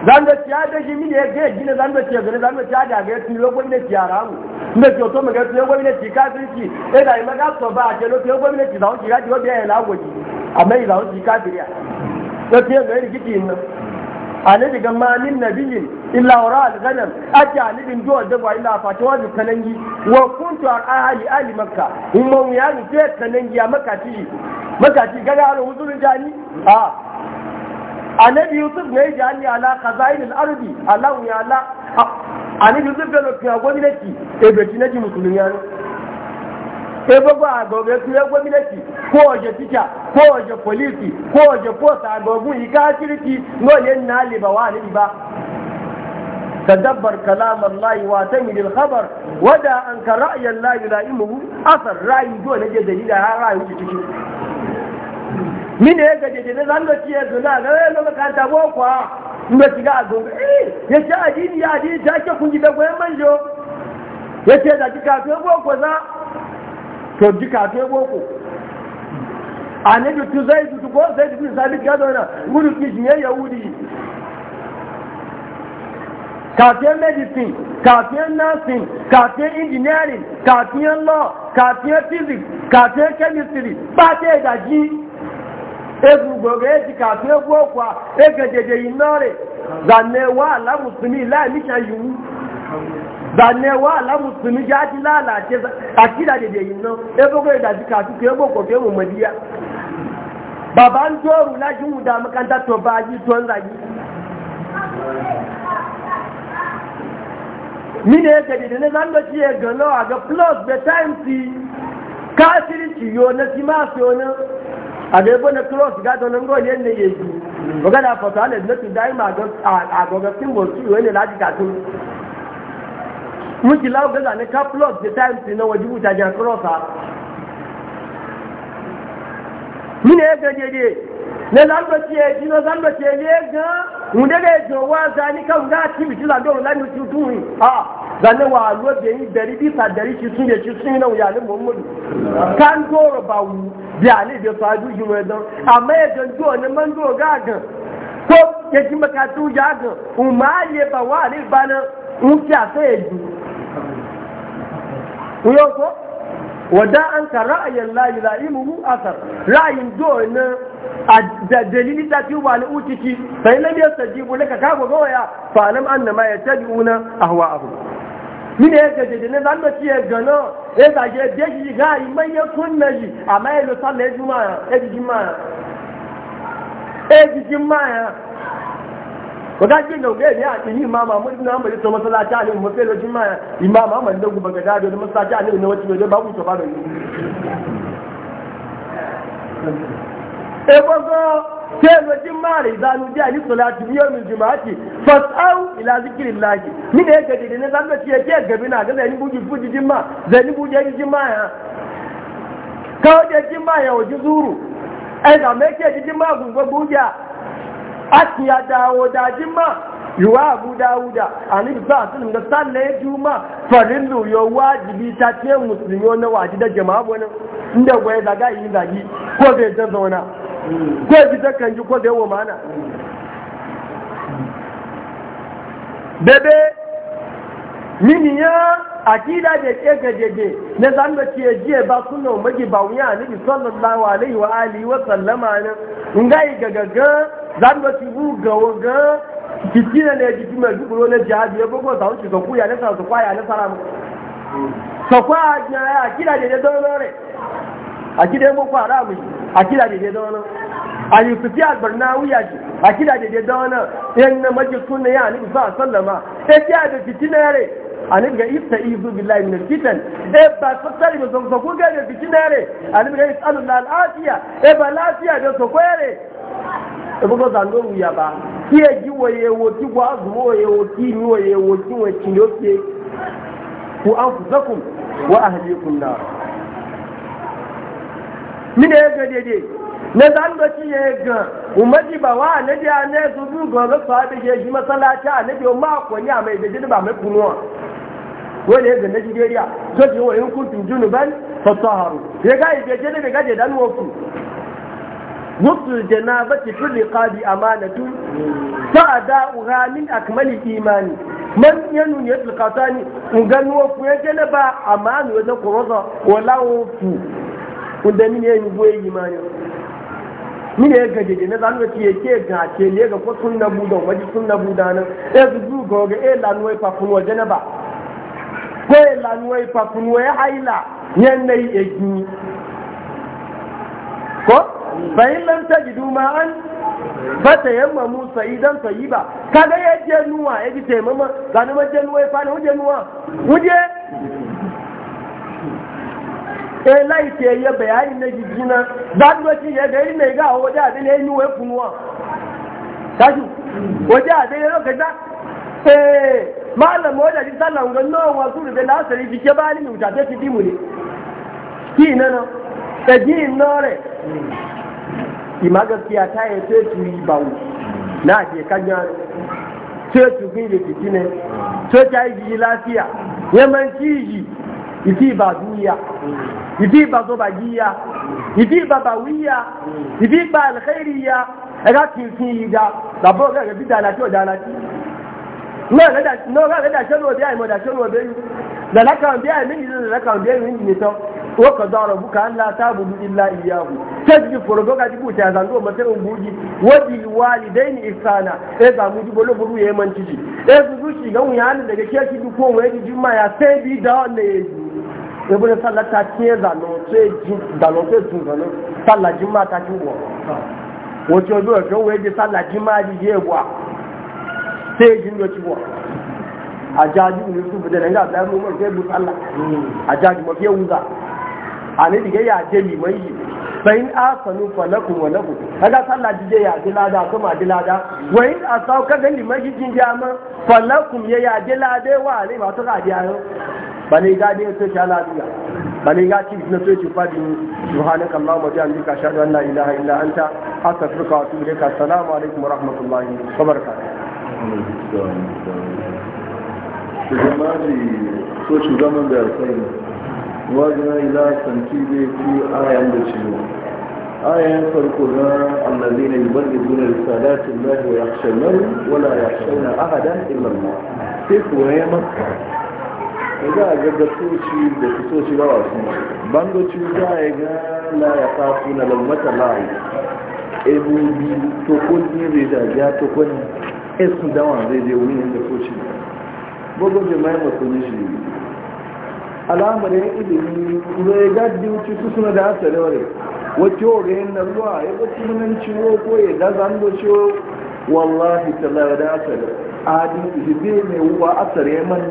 zando tí a dé yìí zando tí a zando tí a dé àgẹ́ tún lọ́gbọ́n mi lè ti ara hù mbẹ tí o tó mẹgẹ tún lọ́gbọ́n mi lè ti káfíń tì é dàrí mẹgà sọ bá àjẹ ló fi lọ́gbọ́n mi lè ti làwọn ti ká ti ó bí ẹ̀ làwọn wò yìí àmẹ́yìn làwọn ti káfíń rẹ̀ lọ́tí ẹ̀ lọ́yìn kìkì annabi ga mamin nabiyin illa wara alganam ake annabin duwa da ba illa fati wa kanangi wa kuntu a ahli ali makka in mun ya ni fe kanangi ya makaci makaci gaga ala huzurin jani a annabi yusuf ne jani ala khazain al-ardi allah ya ala annabi yusuf da lokacin gwamnati e bai ci naji musulmi ya E ba ba gobe su gwamnati ko waje tica ko waje polisi ko waje posta gogun yi kafirki nole na liba wa ni ba تدبر كلام الله واعتمد الخبر ودا أنك رأي الله يلائمه أثر رأي دون جديد ها رأي وتشي mine ga jejjele zan da ciye zuna ga yau na makaranta boko in ba shiga a gunga eh ya ce adini ya adini ta ke kun gida goyon manjo yace ce da kika za to duka ta boko a ne da tu zai dutu ko zai dutu sadi da zauna gudu kishin ya yahudi kafin medicine kafin nursing kafin engineering kafin law kafin physics kafin chemistry ba ta yi daji egbogbo eji kafin egwu ọkwa egejeje inore zanewa ala musulmi lai nishayi zane wa la musulmi ya ji lalace a kira da da yinan ebe kai da jika su ke boko ke mu madiya baban toru na shi mu da makanta to ba ji to zagi mine yake da ne zan da ciye gano a ga plus the time ti kafiri ci yo na ti ma so na a ga ebo na cross ga to nan gole ne yeji ga da fata ne na ti dai ma ga a ga ga symbol ci yo ne laji ka tun wiki lagos ne ka plot the times na waje wuta jan crossa mine ya ga dede na lagos ya ji na lagos ya ne ga wunde ga ya wa zani kan ga ti bi tila do la ni tutu ha zani wa lo be yi dari bi ta dari ci sun ya ci sun na ya ni muhammadu kan doro ba wu bi ale de fa ju ju me don amma ya ga do ne man do ga ga ko ma ji makatu ya ga ma ye ba wa ni bana mu ta sai ju ku yau ko wadda an ka ra'ayin layi layi mu asar ra'ayin do na dalili ta fi wani utiki sai na biyar sajibu na ka kago gawaya falam an na ma ya tabi una a hawa abu mine ya gaje ne zan da ciye gano ya zage jeji ga yi manyan kunna ji amma ya lo sallah ya ya ji ya wata ce da ga ya ce ni imam Ahmad ibn Hanbali to masallaci a ne mu sai lokacin ma imam Ahmad da guba ga dado masallaci a ne ne wacce ne babu to ba da yi e bago sai lokacin ma da izanu ji ali salatu biyo min juma'ati fas'au ila zikrillah ni da yake ne zan da ce ke gabi na ga ni buji buji jimma zai ni buji jimma ya kawo da jimma ya waje zuru ai e da me ke jimma gungo buja asiya dawo dajin ma yiwa abu dawuda a nufi sa sun ya sannan ma farin yo wajibi ta ce musulmi na waji da jama'a wani inda gwaye zaga yi zagi ko zai ta zauna ko fi ta kanji ko zai wa mana bebe mini ya akida da ke gajege na san da ke jiye ba suna magi ba wuya nabi sallallahu alaihi wa alihi wa sallama nan ngai gagaga zanda ti bu gawaga jikina ne jiki mai duburo na jihadi ya bugu sa wuce ka kuya ne su kwaya na sara muku ka kwaya ya a kira da don ne. a kira ya muku ara mu a kira da don a yusufi albarnawi ya ce a kira da don yan na maji ne ya alibi sa sallama ya kiya da fitina re alibi ga ifta izu billahi min fitan e ba fassari ba sun sa ku ga da ne re alibi ga isalu al afiya e ba lafiya da sokoyare eboko zando wuyaba ti eji woye wo ti gwa azumo woye wo ti inu woye wo ti wo ekinde ofie ku anfusakum wa ahlikum nar mine ege dede na zan do ye gan umaji ba wa ne dia ne su du gan ga fa de je ji masalaci a ne dio ma ko ni a mai de ba mai kunuwa wani yadda na jideriya so ci wa in kuntum junuban fasaharu ya ga ibe je ne ga je dan wofu ba musul janabati fil liqabi a da ada'uha min k'i ma ni, man yanu ya tilkata ni ngani n'uwa ku yajele ba amanu wa zakoroza wala wo fu unda mini ya yugo ya imani mini ya gaje ne zanu ti ya ke ga ke ne ga ko sunna buda sun na buda na, e zu go ga e lanu wa n'uwa kunwa ba, ko e lanu wa pa kunwa ya haila yan nayi egi ko fa'in lam tajidu ma'an fata yamma musa yi idan sayi ba Ka kaga ya je nuwa ya ji taimama ga ni majen nuwa ya fani wuje nuwa wuje e laite ya bayani na jijina ba doki ya ga ina ga waje abin ya nuwa ya kunuwa tashi waje abin ya roka da eh malam waje ji sallan ga nawa wasu da lasari fike ba ni mutace ki dimu ne ki nana ta e, ji nore ima gaskiya ta yi sai su yi wu? na ke kanya sai su bi da fiti ne sai ta yi lafiya ki yi, iti ba duniya iti ba zo ba giya iti ba bawiya iti ba alkhairiya ẹ̀ka tuntun yìí da bàbá ọ̀gá rẹ̀ bí dára da ò dára tí náà rẹ̀ dà sẹ́nu ọ̀bí àìmọ̀ dà sẹ́nu ọ̀bí yìí lọ́lá kan bí àìmọ̀ da lọ́lá kan bí àìmọ̀ yìí nìtọ́ wa ka zara buka Allah ta budu illa iyahu tajji forogo ga jibu ta zango masarin buji wa bil walidain isana. e za mu jibo lo buru yeman tiji e su su shi ga wuya ne daga kiyaki du ko wa ji juma ya sai bi da ne e bu sala ta kiye za no sai ji da lo sai tun zano sala juma ta ji wo wo ti odo e ko we ji sala juma ji je wa sai ji ndo ci wo ajaji ni su bu da nga da mu mo ke bu sala ajaji mo ke wuza a ne diga ya je liman yi sayin asanu fa lakum wa lahu kaga sallah dije ya ji lada kuma ji dilada wa in asau kaga liman yi jin jama fa lakum ya ya je lada wa ne ba to ga ji ayo Bani ga ne to sha lafiya Bani ga ci na to ci fadi subhanaka allahumma wa bihamdika ashhadu an la ilaha illa anta astaghfiruka wa atubu ilaika assalamu alaikum wa rahmatullahi wa barakatuh shugaban da social government da alkhairi wajen ila santi zai fi ayan da ciwo ayan farko na allazi ne yubar da zuna risalatin ya wa yakshanar wala yakshanar ahadan ma sai kuwa ya maka za a ga gasoci da fitoci ba wasu bangoci za a yi ga la ya fasu na lalmata lai ebu biyu tokon ne zai ja tokon esu dawa zai je wurin Ba bugun jima'i masu nishi alamarin ilimi zai gaddi wuce su suna da hasa da ware wacce ware yin na zuwa ya wacce munan ciwo ko ya da zan da ciwo wallahi tallar da hasa da adin ihibe mai wuwa asar ya man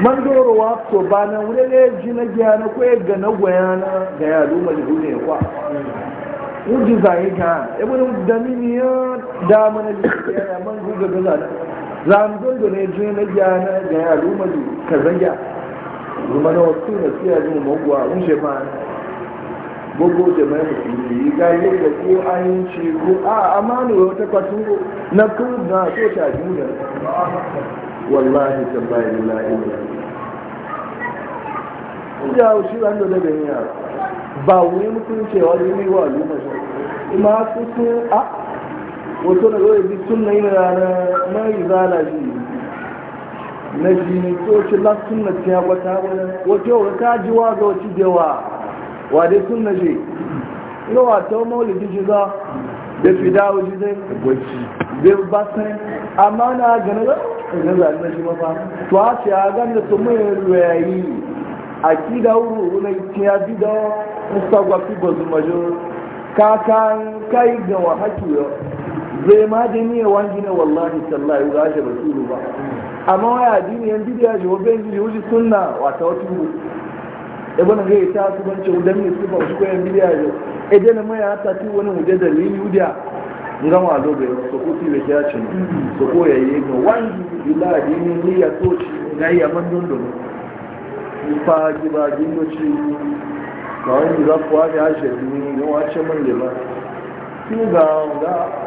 man dorowa ko ba na wuri ne ji na gyana ko ya ga na na ga ya luma da duniya kwa wuji zai ga ya daminiya da mana jiya ya man guga gaza zan dondo ne ji na na ga ya luma da zagya ìgbìmọ̀nà na rẹ̀ sí ẹ̀rù mọ̀gbọ́ àwọn ṣe máa gbogbo jẹ̀mẹ́ mùsùlùmí ga ilé ìgbà kó ayé ń ṣe kó a máa ń rọ̀ tẹ́pà tó na kó náà tó ṣe àdúgbò rẹ̀ wàláhì tẹ̀lá ìlà ìlà. Ìjà òṣìṣẹ́ ń dọ̀dọ̀ bẹ̀rẹ̀ yàrá. Ba òun ní mú ṣe ọdún ní wà ló mọ̀ṣọ́. Ìmọ̀ a wòtó na lóye bí tún na jini ko ci lasun na ciya wata wata yau ta ji wa ga ci jewa? wa dai sun na je. ina wa ta maulidi jiji za da fi dawo shi zai gwaci bai ba sai amma na gane ba ga zai na shi mafa to a ce a gan da sun mai rayayi a ki da wuru na ya bi da musta gwafi ba su majo ka kan kai ga wa hakiyo zai ma da ne gina wallahi sallahi ga shi rasulu ba amma waya addini yan bidiya ji wabe yin ji wuce sunna wata wata gudu ibn gai ta su ban ce udan ne su ba su koyan bidiya ji idan mai ya ci wani wuje da ni yudiya nga ma do so ko ti be ja cin so ko ya yi ga wangi ila addini ni ya to ci ga ya man don don fa ji ba ji do ci ba wani za ku wa da shi ni ne wa ce man le ba ki ga ga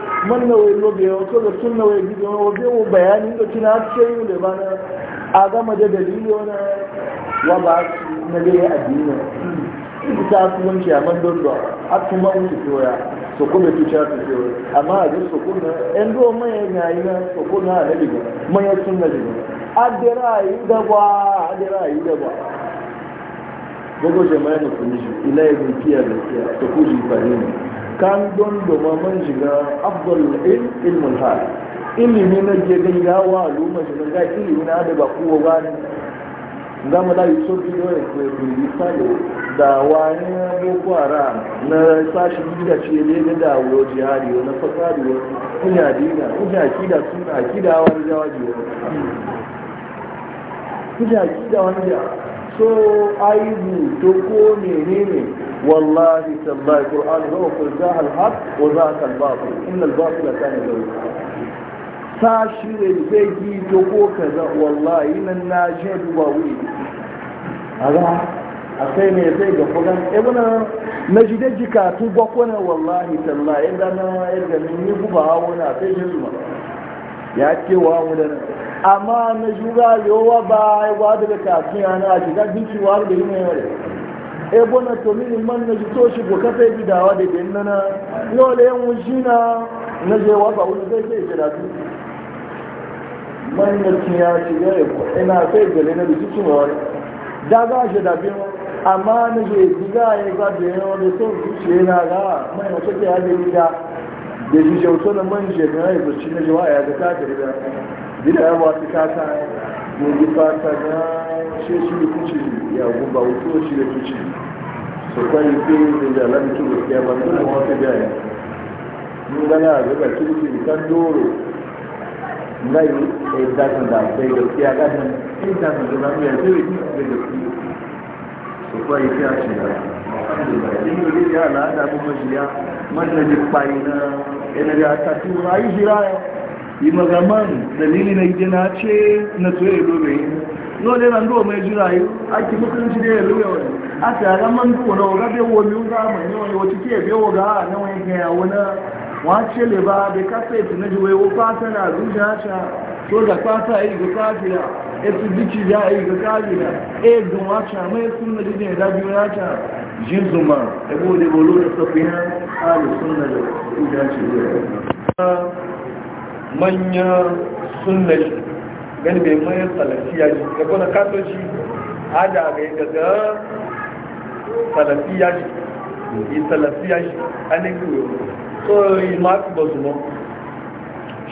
man na wai lobe ya wato da tun na wai gidi wani wabe mu bayani da tun har ce yi da bana a gama da dalili wani wa ba na da ya addini ita ta su wanke a man don da a tuma wuce soya so kuma tu ta su amma a jin sokun na yan zuwa manyan na sokun na na diga manyan sun dagwa adira yi dagwa gogo jama'a na ila ya da fahimta kan don doma man shiga abdul ilm ilmul hal ilimi na je gani ga wa al'umma shi ga ilimi na da ba kowa ba ne za mu da yusuf ki dole ko yi sai da wani boko haram na sashi gida ce ne da da wo jihadi na fasadi wo kunya dina da kida suna kida wani jawabi wo kunya kida wani jawabi so aibu to ko menene wallahi tabbai qur'an huwa qul zahal haq wa zahal batil inna al batila kana zahuqa sashi ne zai ji to ko kaza wallahi nan na je duba wuri aga akai ne zai ga fugan ibna najide jikatu gwakwana wallahi tallahi idan na yarda ni ku ba wona na sai shi ya ce wa mu da nan amma na juga yowa ba ya e e da yana a shiga da yi mai yare e to mini man na jito shi ko kafa da bin nana yau yan na na je wa ba wani zai sai da su na ko ina sai na biki da ga shi da amma na je diga ya ga da yan wani so zuciya na ga mai na ya da da shi na man e ya na jiwa ya ga ta da bida wa ta kata gobe fata na ṣe shi da kuce ya gumba wuto shi da kuce su kwayi fi da jalar tuba ya bandu da wata jaya mun gana zuba kirki kan doro na yi a yi datan da bai gaskiya kasan in ta su zama ya yi da gaskiya su kwayi fi a shi da in yi ya la'ada kuma shi ya manna jikpa ina yana da ta tura yi shiraya yi mazaman dalili na gina ce na tsoye lobe eh, ne na ndó ọmọ ẹjú láyé àti mọ́kànlá ṣe ẹ̀rọ ẹ̀wọ̀n àti àrámọ́ ndó ọ̀nà ọ̀gá bẹ́ wọ mi ọ̀gá àmà ní ọ̀yọ̀ ti kí ẹ̀bẹ́ ọ̀gá àwọn ẹgbẹ́ àwọn náà wọ́n á ṣe lè bá abẹ kápẹ́ẹ̀tì náà jùlọ ewu pátá náà àdúgbò àṣà tó dà pátá ìgbẹ́ káàkiri ètò dìkìdá ìgbẹ́ káàkiri ẹ̀gùn àṣà àmọ́ ẹ̀kún náà dídì ẹ̀dájú àṣà jíǹzùmá ẹgbẹ́ òdìbò olóòtú sọ pé hàn áàrùn sọ́nà ìjà ṣe rẹ̀. manyan sunna shi gani bai mayan salafiya shi da kuna kato shi hada mai daga salafiya shi yi salafiya shi an yi so yi masu ba zuwa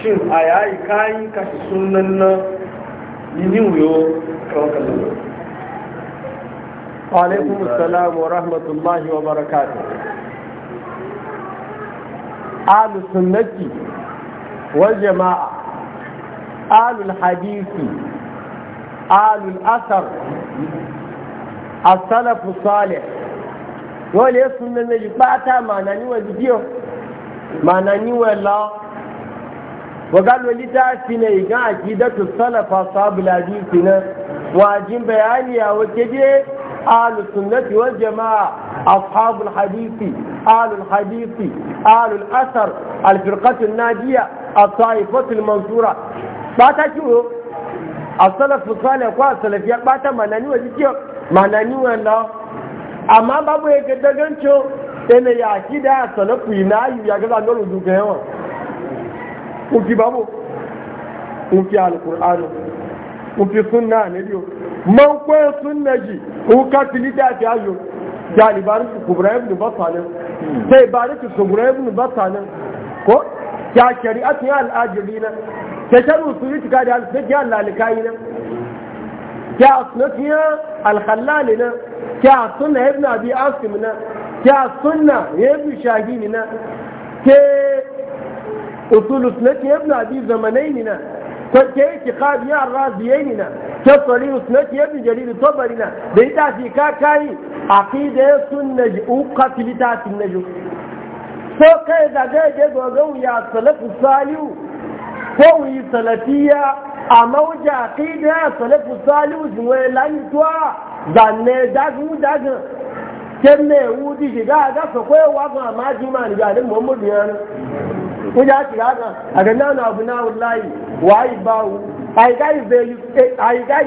shin a yayi kayi kashi sunan na yi wuyo kawai kallon وعليكم السلام ورحمة الله وبركاته أهل السنة والجماعة آل الحديث آل الأثر السلف الصالح wọ́n sunna méjì pátá màánà níwẹ̀ dídíò màánà níwẹ̀ lọ wọ́gálò lítà sí na ìgán àti ìdẹ́tò sọ́lẹ̀fà sọ́bùlà bí sí na wọ́n àjí bẹ̀yàní àwọn kéde alùsùnnẹ́tì wọ́n jẹ máa ashabul hadisi alul hadisi alul asar alfirkatun najiya at-ta'ifatul mansura bata kiwo as-salafu salih ko as-salafiya bata manani wa jikiyo manani wa la amma babu ya gaddaganco ene ya kida salafu ina yu ya gaza nuru duka yawa uki babu uki al-qur'an uki sunna ne biyo man ko sunna ji uka tilita ta ayo jalibar kubra ibn batalin hmm. sai baratu kubra ibn batalin ko ta shari'atu ya al'ajiri na ta sharu su yi cika da alfiyar ya lalikayi na ta asunatu ya alhallali na ta sunna ya ibn abi asim na ta sunna ya ibn shahini na ke usulu sunatu ya ibn abi zamanaini na ke itikadi ya raziyaini na ke sarihu sunatu ya ibn jaridu tabari na da ita fi ka kayi aqida sunna uqatilita sunna ko kai da ga je gogon ya salafu saliu ko wi salafiya a mauja qida salafu saliu zuwa lantwa zanne dagun dagun kenne wudi shiga a so ko wa ga ma ma ni ga ni muhammadu yana ko ja ki ga a ga nana abu na wallahi wai ga yi belu eh, ai ga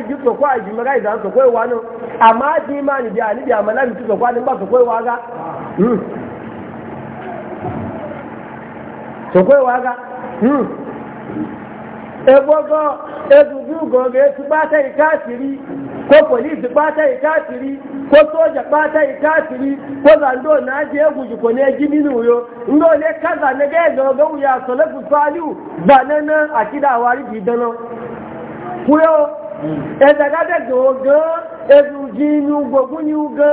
zan wa no amma ji ma ni ga ni ga ni ba so wa ga hmm. sokwewaga ga hmm. egbogo ezugi ugo ga-etu kpata ikasiri ko polisi kpata ko soja kpata ikasiri ko ga ndị ona aji egwu jikwa na-eji mini uyo ndị ole kaza na ga ego uyo asolefu saliu banana akida awari kwuo ezagade ga ogo ezugi gwunye ugo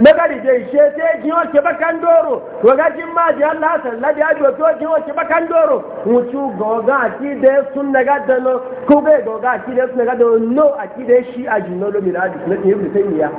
magari da ishe sai jin wace bakan doro to ga ma Allah san la da jo to jin bakan doro mutu goga ki da sun daga da no goga ki da sun daga da no a ki shi a jin no na, miladi na ibn tayyiya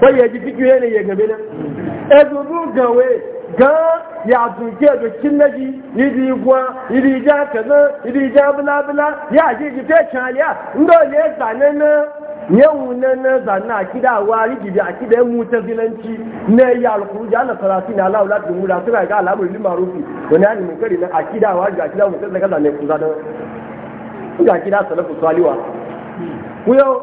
ko ya ji fikiyo ne ya gabe na e gawe ga ya duke da kinnaji yidi gwa yidi ja kaza yidi ja bla bla ya ji ji fe chaliya ndo ne zanena yau na na zana a kida wari gibi a kida mu ta zinanci na yi alkuru ja na sarati na ala'ula da mu da suna ga al'amuri lima rufi wani ya nemi kari na a kida wari ga kida mutum na kaza ne kuza da ga kida salafu saliwa ku yau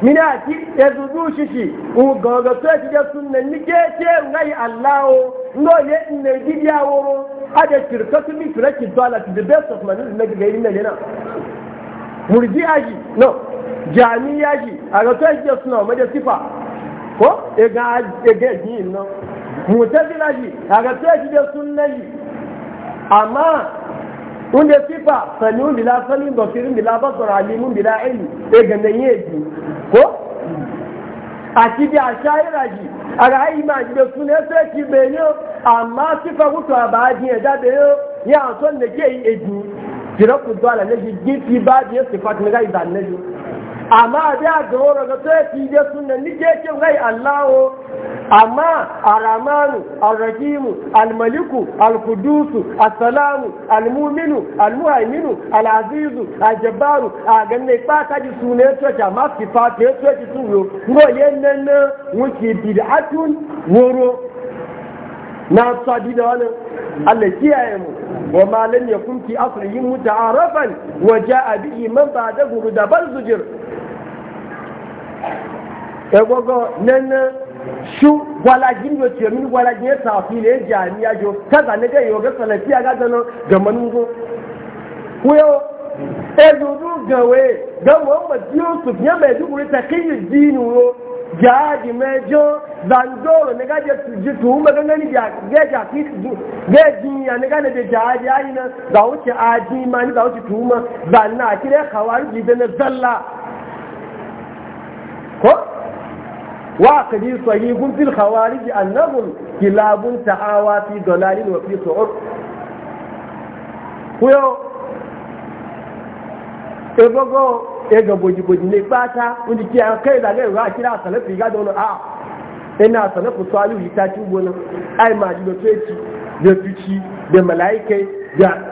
ti ati ezudu shishi ugogo to ti je sunna ni keke ngai allah ngo ye ne a woro ade kirkatu mi kiraki dala ti the best of man ne ga yin ne na murji aji no Jami shi a ga to shi suna mai da sifa ko ega ga e ga yin nan mutazila a ga to shi da sunna amma wanda sifa samiun bila samin basirin bila basar alimun bila ilmi e ga nan yaji ko a ti bi a shayira ji a ga ai ma ji da sunna e sai ki benyo amma sifa ku ta ba ji da benyo ya son da ke yi eji jiraku dole ne ji ji ba ji sifa ne ga idan ne amma da ga wani ga sai ki je sunan nike ke rai Allahu amma arramanu arrahimu almaliku al assalamu almu'minu almuhaiminu alazizu aljabbaru a ganne fata ji sunan to ta ma sifatu to ji sunan ngo yennan wuki bid'atun woro na sadi da wani Allah kiyaye mu wa malam ya kunki asrihi muta'arafan wa ja'a bi iman ba da guru da bar zujir e gogo nan shu wala jin yo ce min wala jin ta fi le jami'a jo kaza ne ga yoga salafiya ga dano ga manungo kuyo e dudu gawe ga Muhammad su ya mai duguri takiyin dinu yo jihadi mai jo zandoro na gaje su ji tuhu magangani gaja fi gaji ya na gane da jihadi ayi na za wuce aji ma ni za wuce tuhu ma ba na kire kawar jide na zalla ko wa kadi sahihun fil khawarij annahum kilabun ta'awa fi dalalin wa fi su'ur kuyo ebogo ya ga boji-boji ne bata wanda ke an kai zagaye ruwa a kira salafi ga da wani a ina salafu salihu yi gona ai da tsoci da tuci da mala'ikai da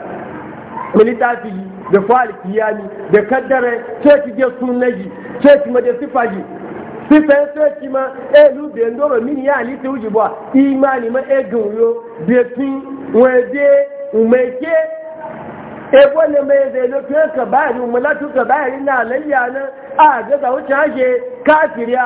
militafi da fa'al kiyami da kaddare tsoci je sunaji ma da sifaji sifan ma elu mini ya halitta wujibuwa imani ma egin umeke ebo ne mai zai lokacin ka bayari mulatu ka bayari na layya nan a gaza wuce hake kafiriya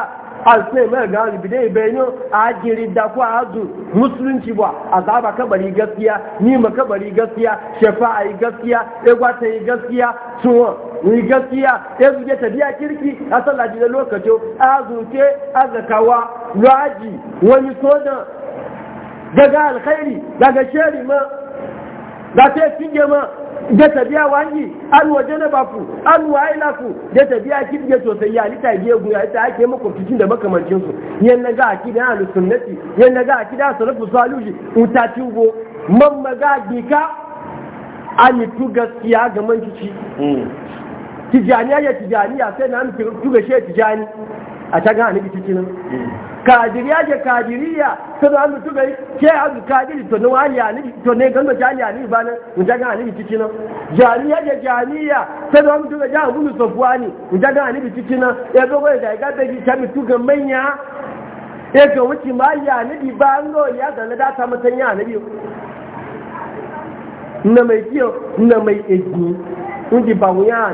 a sai mai gani bidai bayanin a jiri da ku a zu? musulunci ba a azaba kabari gaskiya nima kabari gaskiya Shafa a yi gaskiya egwata yi gaskiya suwa yi gaskiya ya e, ta biya kirki a sallaji da lokacin azuke azakawa raji wani sojan daga alkhairi daga sheri ma da ta yi ma da tabiya wangi alwa janabaku alwa ku, da tabiya kibge sosai ya lita gegu ya ta ake muku cikin da makamancin su yan ga akida ahlu sunnati yan ga akida salafu saluji utati ugo man ga gika ani tu gaskiya ga Tijani mm. tijaniya ya tijaniya sai na mu tuga she tijani a ta ga ani bitici nan mm. kadiriya ke kadiriya sai an mutu bai ke abu kadiri to ne wani alibi to ne gano jani alibi ba nan in jaga alibi ciki nan janiya ke janiya sai an mutu bai jani gudu sofuwa ne in jaga alibi ciki nan ya go go ga ga da ji ta mutu ga manya ya ga wuci ma ya alibi ba an zo ya zana da ta mutan ya alibi na mai kiyo na mai egi mun ji ba wuya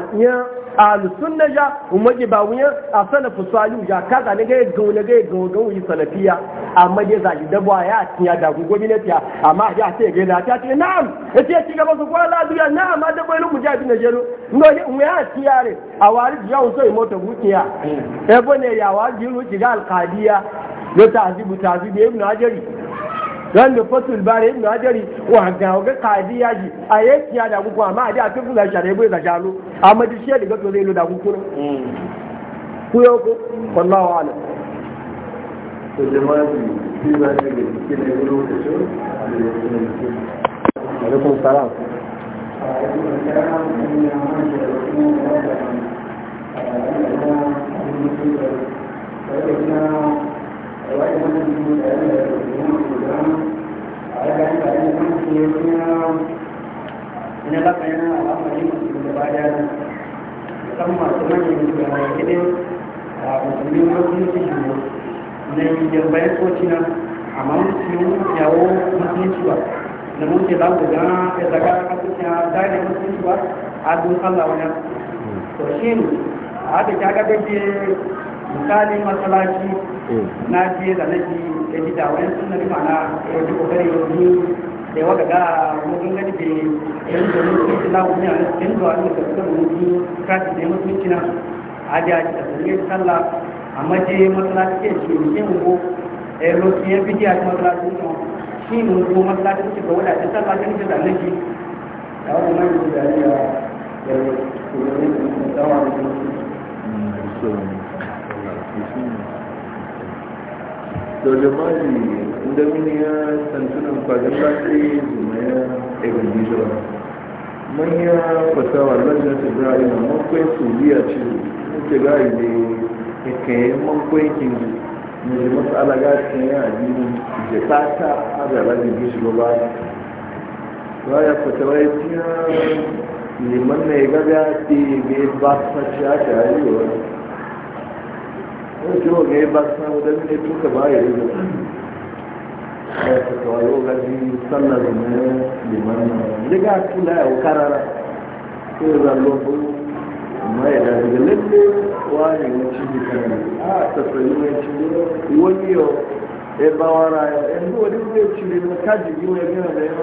ahlus sunna ja umaji ba wuyan a salafu salu ja kaza ne ga gawo ne ga gawo yi salafiya amma dai za ji dabwa ya tiya da gugo bi ne tiya amma ya ce ga na ta ce na'am yace ci gaba su kwala duya na'am da mu lu mujahid ne jero no ne mu ya tiya re a wari ji yawon sai mota bukiya mm. e bone ya wari ji lu ji ga alqadiya da ta'zibu ta'zibu ibn ajari ran da fatul bare ibn hajari wa ga ga kadi yaji a yake ya da gugu amma a da tun da share bai ga jalo amma di e shi daga to zai lo da gugu ne ku yo ko wallahi ala to jama'a shi ba ne da cikin ne lokacin alaikum salam Thank you. na baka yana al'amari masu da bada musamman su manyan da mai kidin a musulmi musulunci ne na yin bayan kocina amma musulmi yawo musulunci ba da mun ce za ku ga ya zaga kasuwa tare musulunci ba a dun allah wani to shi a da ta gaggage misali masalaci na je da nake da gida wani suna rima na yau kokari yau ni da yawa daga mugun gani da yan da mun ci na wani cikin da wani da suka mun ci kati da mun ci na a aje sallah amma je masalaci ke ce ne mun a lokaci ya a ta masalaci ne shi mun mugu masalaci ke ga wada ta sallah kan da nake da wani mai da ya ya ko ne da da daga mali inda mini ya santunan kwazin baki zuma ya ɗagan bijira manya fasawa lajin su ga ina makwai su biya ce ke ga ile ya kayi makwai kin ji mai matsala ga cikin ya da ta ta haɗa lajin bijira ba ya ya fasawa ya tiya neman na ya gaga ɗaya ba sa shi aka yi Eu jogo aí, bastante, deve ter tudo trabalho. É, pessoal, eu ganhei salada, né? Limão. Ligar aquilo é o cara. Coisa louca. amma ya dace da lalle wani wanci da kan a ta tsayi wanci da wani yau ya bawa rayuwa yanzu wani zai ci da kaji yi wani yana da yawa